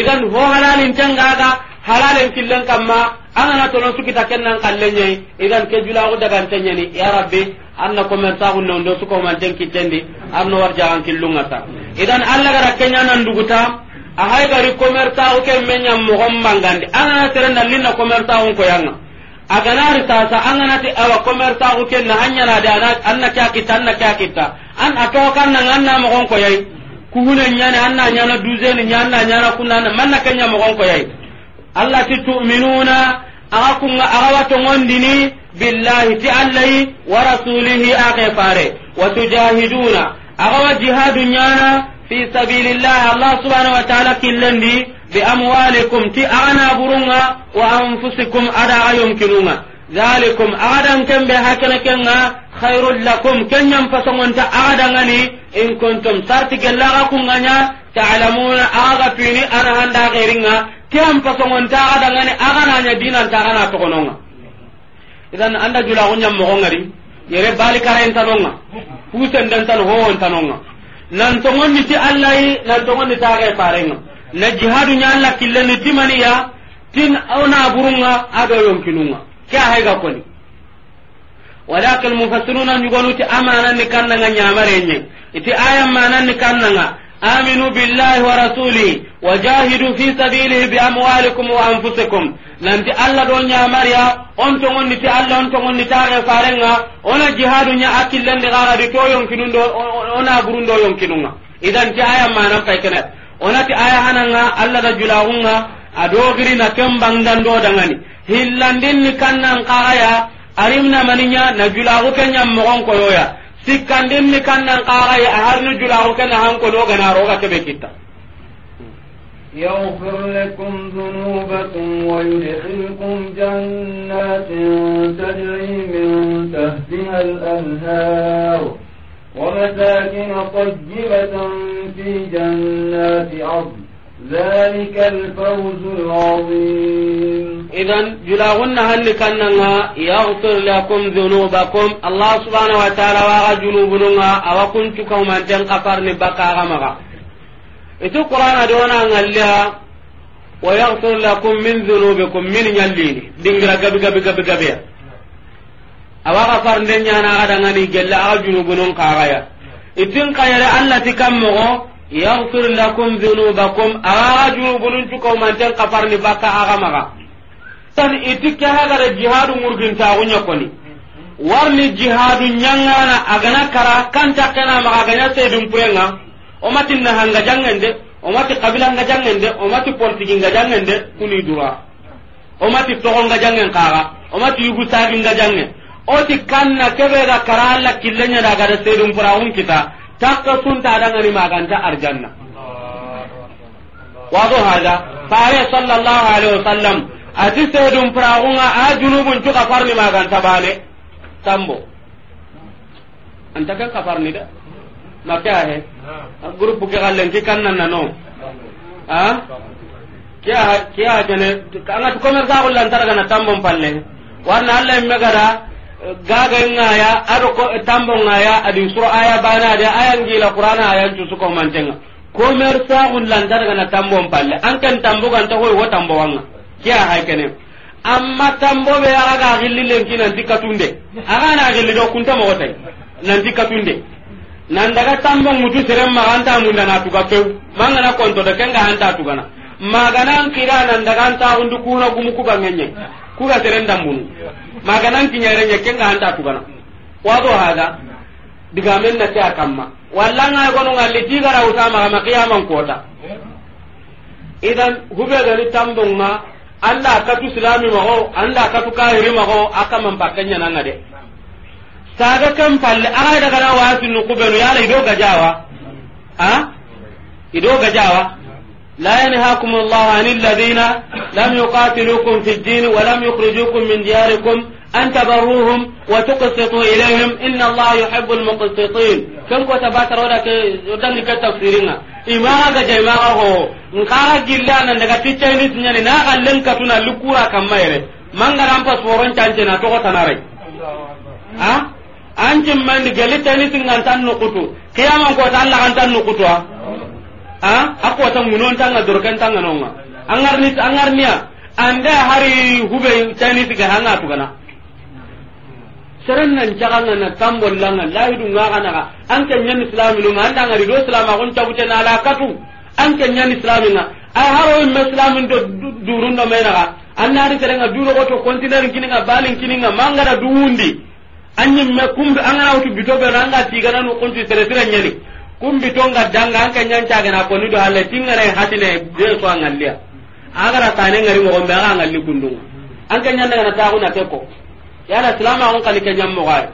idan ho halalin ten gaga halalen killen kamma angana tonon sukita kennan kalle nyai idan ke julagu daga antanyani ya rabbi anna komerta hun nondo suko man den kitendi arno warja an killunga ta idan alla gara kenya nan duguta a hay gari komerta o ke menya mo hommangandi angana terenda linna komerta hun ko yanga aganari an angana ti awa komerta o ke na hanya na an anna kya kita anna kya kita an ato kan nan anna mo gon ko yai kuhune nyane anna nyana duzen nyana nyana kunana manna kenya mo gon ko yai التي تؤمنون أراكم أراواتم وندني بالله تعلي ورسوله أغفار وتجاهدون أغوى جهاد نانا في سبيل الله الله سبحانه وتعالى كلندي بأموالكم تي برونا وأنفسكم أدعى يمكنونا ذلكم أعدا كم بهاكنا كنا خير لكم كن ينفسهم أنت أعدا إن كنتم سارتك اللغة كنا تعلمون أغفيني أنا هندا غيرنا am pasongon ta ga dangane aga na nya dinan ta kana to kononga idan anda jula ko mo ngari yere bali karen tanonga husen dan tan ho on tanonga nan to ngonni ti allahi nan to ngonni ta ga parenga na jihadu nya allah killani timani ya tin ona burunga ado yonkinunga kya hay ga koni walakin mufassiruna nyugonuti amana ni kannanga nyamarenye iti aya mananni kannanga aminu billahi wa rasulihi wajahidu fi sabilihi biamwalikum wa anfusikum nanti allah ɗo ñamariya on togonniti allah on togonnita ke farenga ona jihadu ña akillendi kakadi to yonkinu ɗo onagurundo yonkinuga idan ti aya manan paykene onati aya hananga allah da julagunga adogirina ken bangdanɗo dagani hillandinni kannan kakaya arimnamaniya na julagu kenyan mogonkoyoya sikkandin mi kannan qara ya har ni jula ho kana han ko doga na roga tebe kitta yaghfir lakum dhunubakum wa yudkhilkum jannatin tajri min tahtiha al-anhar wa masakin tayyibatan fi jannati 'adn dhalika al-fawz al-'azim idan julagunna halli kannanga yaghfir lakum dhunubakum allah subhanahu wa ta'ala wa ga junubununga awa kuntu kafar ni baka gamaga itu qur'ana dona ngalla wa yaghfir lakum min dhunubikum min nyallini dingira gabi gabi gabi gabi awa kafarnde nyana ngani gella aga junubunun kagaya itin kayare allah tikammo yaghfir lakum dhunubakum aga junubunun kafar ni baka agamaga tan iti ke hagara jihadu murgintaxuña koni warni jihadu ñangana agana kara kanta kena maga aganya sedumpurenga omati nahanga jangende omati kabilanga jangende omati politikinga jangende kuni dura omati togonga jangen kaga omati yugusaginga jange oti kanna kebega kara alla killeñada agada sedumpurangun kita takka suntadangani maganta arjanna wado hada fare sallallahu alaihi wasallam ati sedum praunga a junubun cuka farni maganta bane make groupe ke ki a kiya kiya tambon palle warna me gara aya bana da qur'ana tu su ko mantenga tambon palle tambo ke a kene amma tambo be aga ga gilli lenki nan dikatunde aga na gilli do kunta mo tay nan dikatunde nan daga tambo mutu serem ma anta munda na tuga kew manga na konto da kenga anta tuga na maganan kira nan daga anta undu kuna gumu ku gangenye ku ga serem dambunu maganan kinyare nye kenga anta tuga na wado haga diga men na ta kamma wallanga gonu ngalli tigara usama ma qiyaman kota idan hube gani ma. anda katu silami mago anda katu kahiri mago aka pakanya nanga de saga kam palle aga daga na wasu nu kubenu yala ido gajawa ha ido gajawa la yanhaakumullahu anil ladina lam yuqatilukum fid din wa lam yukhrijukum min diyarikum an tabarruhum wa tuqsitu ilayhim inna allaha yuhibbul muqsitin kan ko tabatar roda ke dan ke tafsirina imara ga jema ho ngara gilla nan daga tichai ni tinya na allan ka tuna lukura kan mayre manga ran pas woron canje na to ko tanare ha an jin man gele tani tin ngan tan nukutu kiyama ko ta allah kan tan nukutu ha akwa tan munon tan ngadur kan tan an angar an angar niya anda hari hube tani tiga hanga tu kana seren nan caganga na tambollanga lahidu ngaganaga anke lu islaminunga ngari do slama kun na ala katu anke ñan na ay haro me islamin do durundo menaga annari duro durogoto continerin kininga balin kininga mangara duwundi anyimme kumbi angana wutu bitoɓeno anga tigananu kunti seresire ñani kumbi tonga danga anke ko ni do halle tingare hatine de so a ngalliya agara tane ngari mogonɓe aga ngalli kundu anke ñandagana na ke ko yala silama on kali ke nyammo gay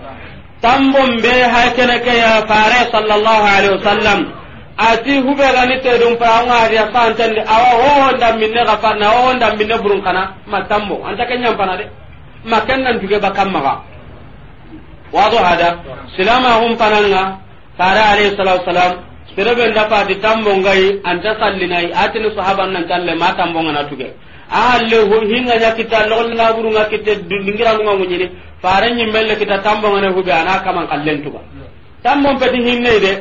tambon be ha kene ke ya fare sallallahu alaihi wasallam ati hube ga ni te dum wa ya san tan awa ho minne ga ho minne burun kana ma tambo anta pana de ma duge bakam ma ga wado hada silama hum pananga fare alaihi salatu sirabe nda pa di tambo ngai anta sallinai atini sahaban nan talle ma tambo ngana tuge ahalle hinga ñakkitta loxolenaguru ngakkitte ndingiranunga ŋuñini fare ñimmelle kita tambongane huɓe ana kaman kallentuga tambon peti hinnei de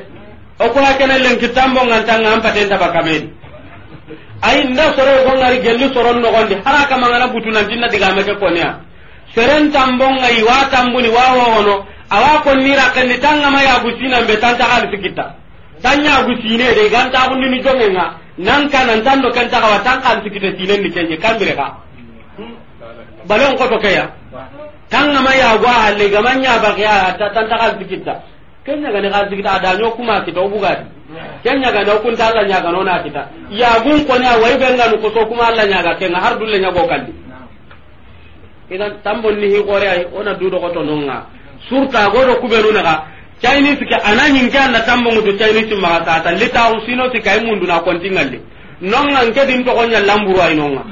o kuha kene lenki tambongantanga an patentaba kameni ayi nda soro yogo ngari gelli soron nogondi hara kamangana butunantinna digameke koneya seren tambongayi wa tambuni wa hohono awa konnira kenni tangamayagusinambe tantakalisi kitta tan ñagusine de igantagundini jongenga nan nan tan do kan ta wa tan kan tikite tinen ni kenye kambire ka balon ko to kaya tan na maya gwa halle gamanya ba ya ta tan ta kan tikita kenya ga ne kan tikita da nyo kuma buga ubugadi kenya ga na kun ta Allah nya ga nona kita ya gun ko nya wai ben ga ko so kuma Allah nya ga kenga har dulle nya go di idan tambon ni hi gore ay ona du do ko to nonga surta go do kubenu naga chinese ke ana hinke anna tammongutu chinese maxa sata li taxu sino ti kay munduna kontingalli nonga nke din togonya lamburu ay nonga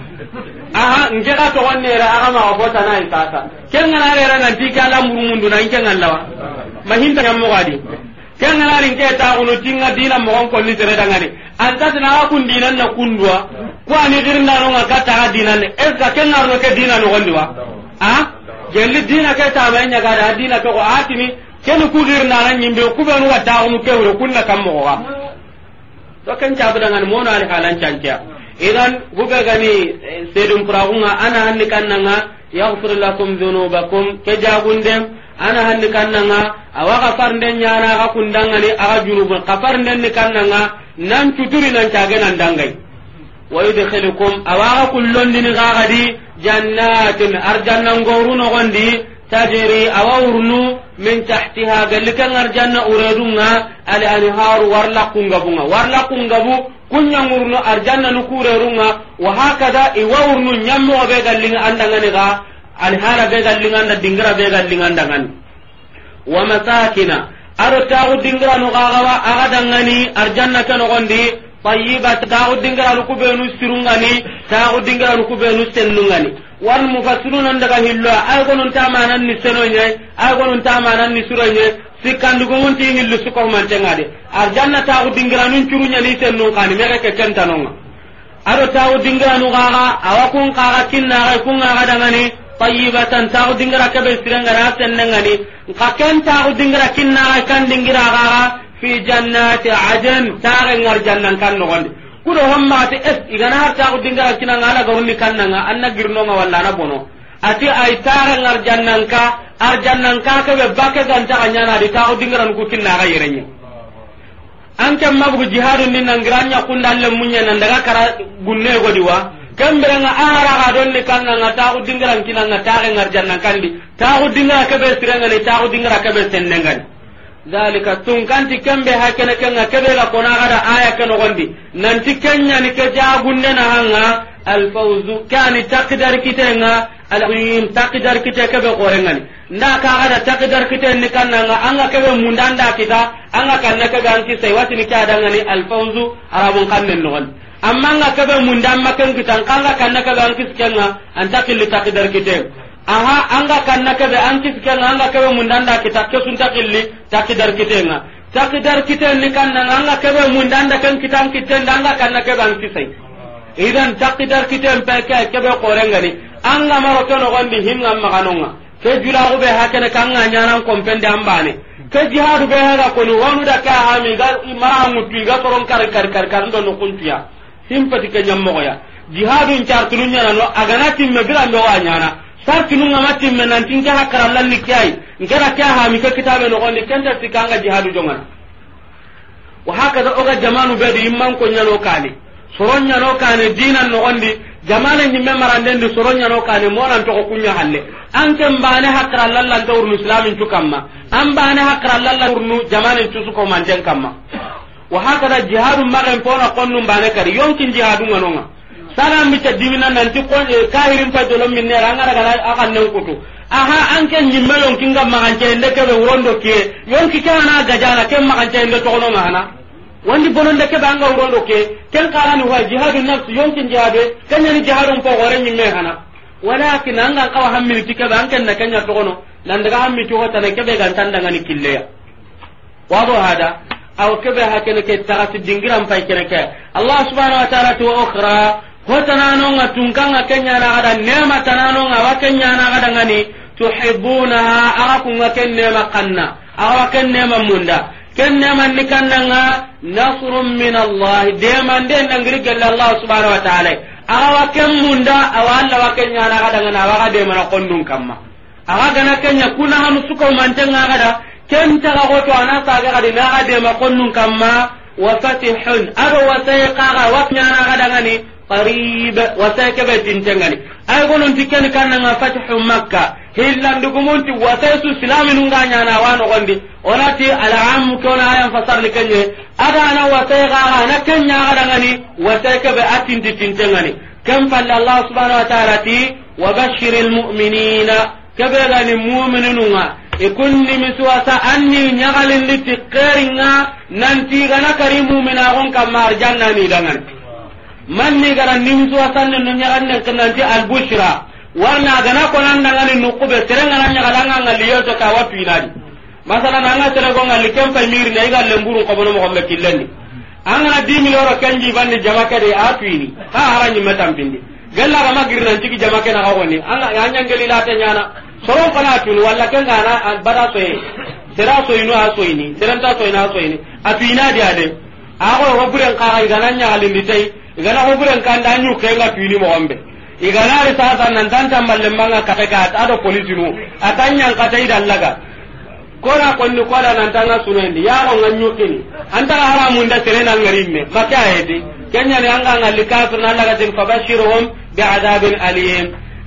aha nke ka togon nere aga maxa fotana ay sasa kengana rera nanti ke a lamburu munduna nke ngallawa mahinta ñammoxadi kenganari nke taxunu tinga dina mogon konni sere dangani antatina aga kun dinan na kunduwa ko ani na xirindanonga ka taxa dinan est ce que kengarno ke dina nogondi wa a jelli dina ke tamae ñagada a dina ke ko atini ken ku na na nan nyimbe ku be nu wata mu ke wure kunna kam mo wa to kan ta budan an mono al halan cancia idan ku ga gani eh, sedum praunga ana hanni kannanga yaghfir lakum dhunubakum ke jagundem ana hanni kannanga awa kafar den nyana ka kundangani aga junubun kafar den ni kannanga nan tuturi nan tage nan dangai wa yudkhilukum awa kullon din gadi jannatin arjannan goruno gondi تجري أورنو من تحتها قال لك أن الجنة أريدونها أنهار ورلقون قبونا ورلقون قبو كن يمرنو أرجنة نكوريرونها وهكذا إورنو نمو بيقال لنا نغا أنهار بيقال لنا أند دنغرا بيقال لنا أندغن ومساكن أرتاغ دنغرا نغاغوا أغدنغني أرجعنا كنغندي طيبة تاغ دنغرا نكوبينو سرونغني تاغ دنغرا نكوبينو سنونغني war mufassiruna ndaga hillo ay gonun ta taamaana ni senoo nye ay taamaana ni suro nye sikkandu gumun ti hillu su ko arjanna ta ku dingiranun curunya ni senno kan mere ke kentanonga ado ta ku awa gaga awakun kaga kinna ga kun ga dangani tayyibatan ta ku dingira ke be sirenga na sennengani ka ken dingira kinna ga kan dingira fi jannati adan ta ga ngar jannan kan kudo homma te es eh, igana har taxu dingara kinanga ala garundi kannanga anna girnonga walla ana bono ati ay taran arjannanka arjannanka ke be bake ganta anyana di taxu dingaran ku kinna ga yerenye an ken mabugu jihadu ni nangiranya kundalle munye nan daga kara gunne godiwa kemberenga ahara ga donni kannanga taxu dingaran kinanga taxe ngarjannankan di taxu dingara kebe sirengani taxu dingara kebe sennengani dalika tun kanti kembe hakene kenga kebe la kona gada aya kano gondi nanti kenya ni ke jagunne na hanga al fawzu kani taqdar kitenga al qim taqdar kite kebe qorengani nda ka gada taqdar kite ni kananga anga kebe mundanda kita anga kanna ka ganti sai wati ni ka dangani al fawzu arabun kannen no gondi amma anga kebe mundamma kan kanna ka aha anga kanna kebe an kiskenga anga kebe mundanda kita kesun takilli kite kitenga takidar kitenni kanna anga kebe mundanda ken kitan kitenda anga kanna kebe an kisai idan takidar kiten peke kebe korengani anga maro keno gondi hinga maganonga ke go be hakene kanga nyanan kompende ambane ke jihadu be ko ni wanu da ka ha mi gar imam mutu ga toron kar kar kar kar ndo no kuntiya himpati ke nyammo ya jihadu in chartulunya no aganati timme bira ndo nyana sartinunga matimɓe nanti nke ni ke ay nkera ke mi ke kitabe nogondi kenta sikka anga jihadu jongan wa hakada oga jamanu ko nyalo ñano soron nyalo kani dinan di jamana ñimme mo ran to ko kunya halle anke mbane lan tawur muslimin to kamma an mbane hakkarallalla urnu jamanin den kamma wa hakada jihadu ko na konnu mbane kar yonkin jihadunganonga sara mbica dimina nan ti nanti eh, kahirin fa dolon min nera angara gana akan nen kutu aha anke nyimme yonkinga maganceende keɓe wurondo kiye yonki ke yon ki ana gajana ken maganceende togono maana wandi bononde keɓe anga wondo ke ken kala ni wa jihadu nafs jihadu ken ni jihadun po gore nyimme hana walakin angan kawa hammiliti keɓe ken na ken ya to to nan ta ne ke be togono tan daga ni kille ya wa do hada aw ke be ha ken ke ta tagasi dingiram pay ken ke allah subhanahu wa taala tu okhra hotananonga tunkanga kenyanagada nema tananonga awa ngani tuhibunaha aga kunga ken nema kanna agawa ken nema munda ken nemanni nga nasrun min allah demande nangiri gelle allah subhanau wa taala agawa ken munda awa allah wa kenyanagadanngani awaga demana kondun kamma aga gana kenya kunahanu sukaumantengagada ken taga goto ana sage gadi naga dema konnun kamma wa fatihun ado wasaiqaga wa ngani qariba wasaka be tintengani ay gonon tikken kan nga fatihu makka hillan dugumunti wasaisu islam nun ga nyana wano gondi onati al'am ko na ayan fasar likenye ada ana wasaiga ana kenya ada ngani wasaka be atinti tintengani kam falla allah subhanahu wa ta'ala ti wabashshiril mu'minina kabegani mu'minununga ikunni miswasa anni nyagalin liti qeringa nanti gana karimu minagon kamar jannani dangani man ni gara nimsu asanne no nyagan ne kananti al bushra ga gana ko nan daga ni be tere nan nyaga langa yo to ka watu ni masala nan nan tere gonga kem pa mir ne ga lemburu ko bono mo be killani angana 10 million ro kanji jama ka de atuini ha ni metam bindi gella ga magir nan jama ka na ko an anga yanya ngeli ta nyana soron kana tuni walla kenga na bada so e tera so inu aso ini ta so ina so ini ade a ko ro buren ka ga nan nya halindi tai igana kan kanda nyu kenga pili mo ambe igana ri sasa nan tan malle manga kata ka do polisi nu atanya kata ida laga kora konni kora nan tanga sunendi yaro nganyu kini antara haramun da serena ngarimme maka ayedi kenya ni anga ngali kafir na laga tin fabashiruhum adabin alim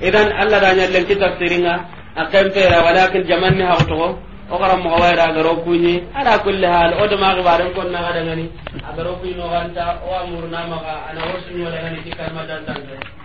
idan allah da nyalle ki tafsiringa akan tera walakin jamanni hawto o gara mo wayra garo kunyi ala kulli hal o dama ga baran kon na ga dangani agaro kunyi no ganta o amurna maka ana wasu ni wala ngani tikal madan tan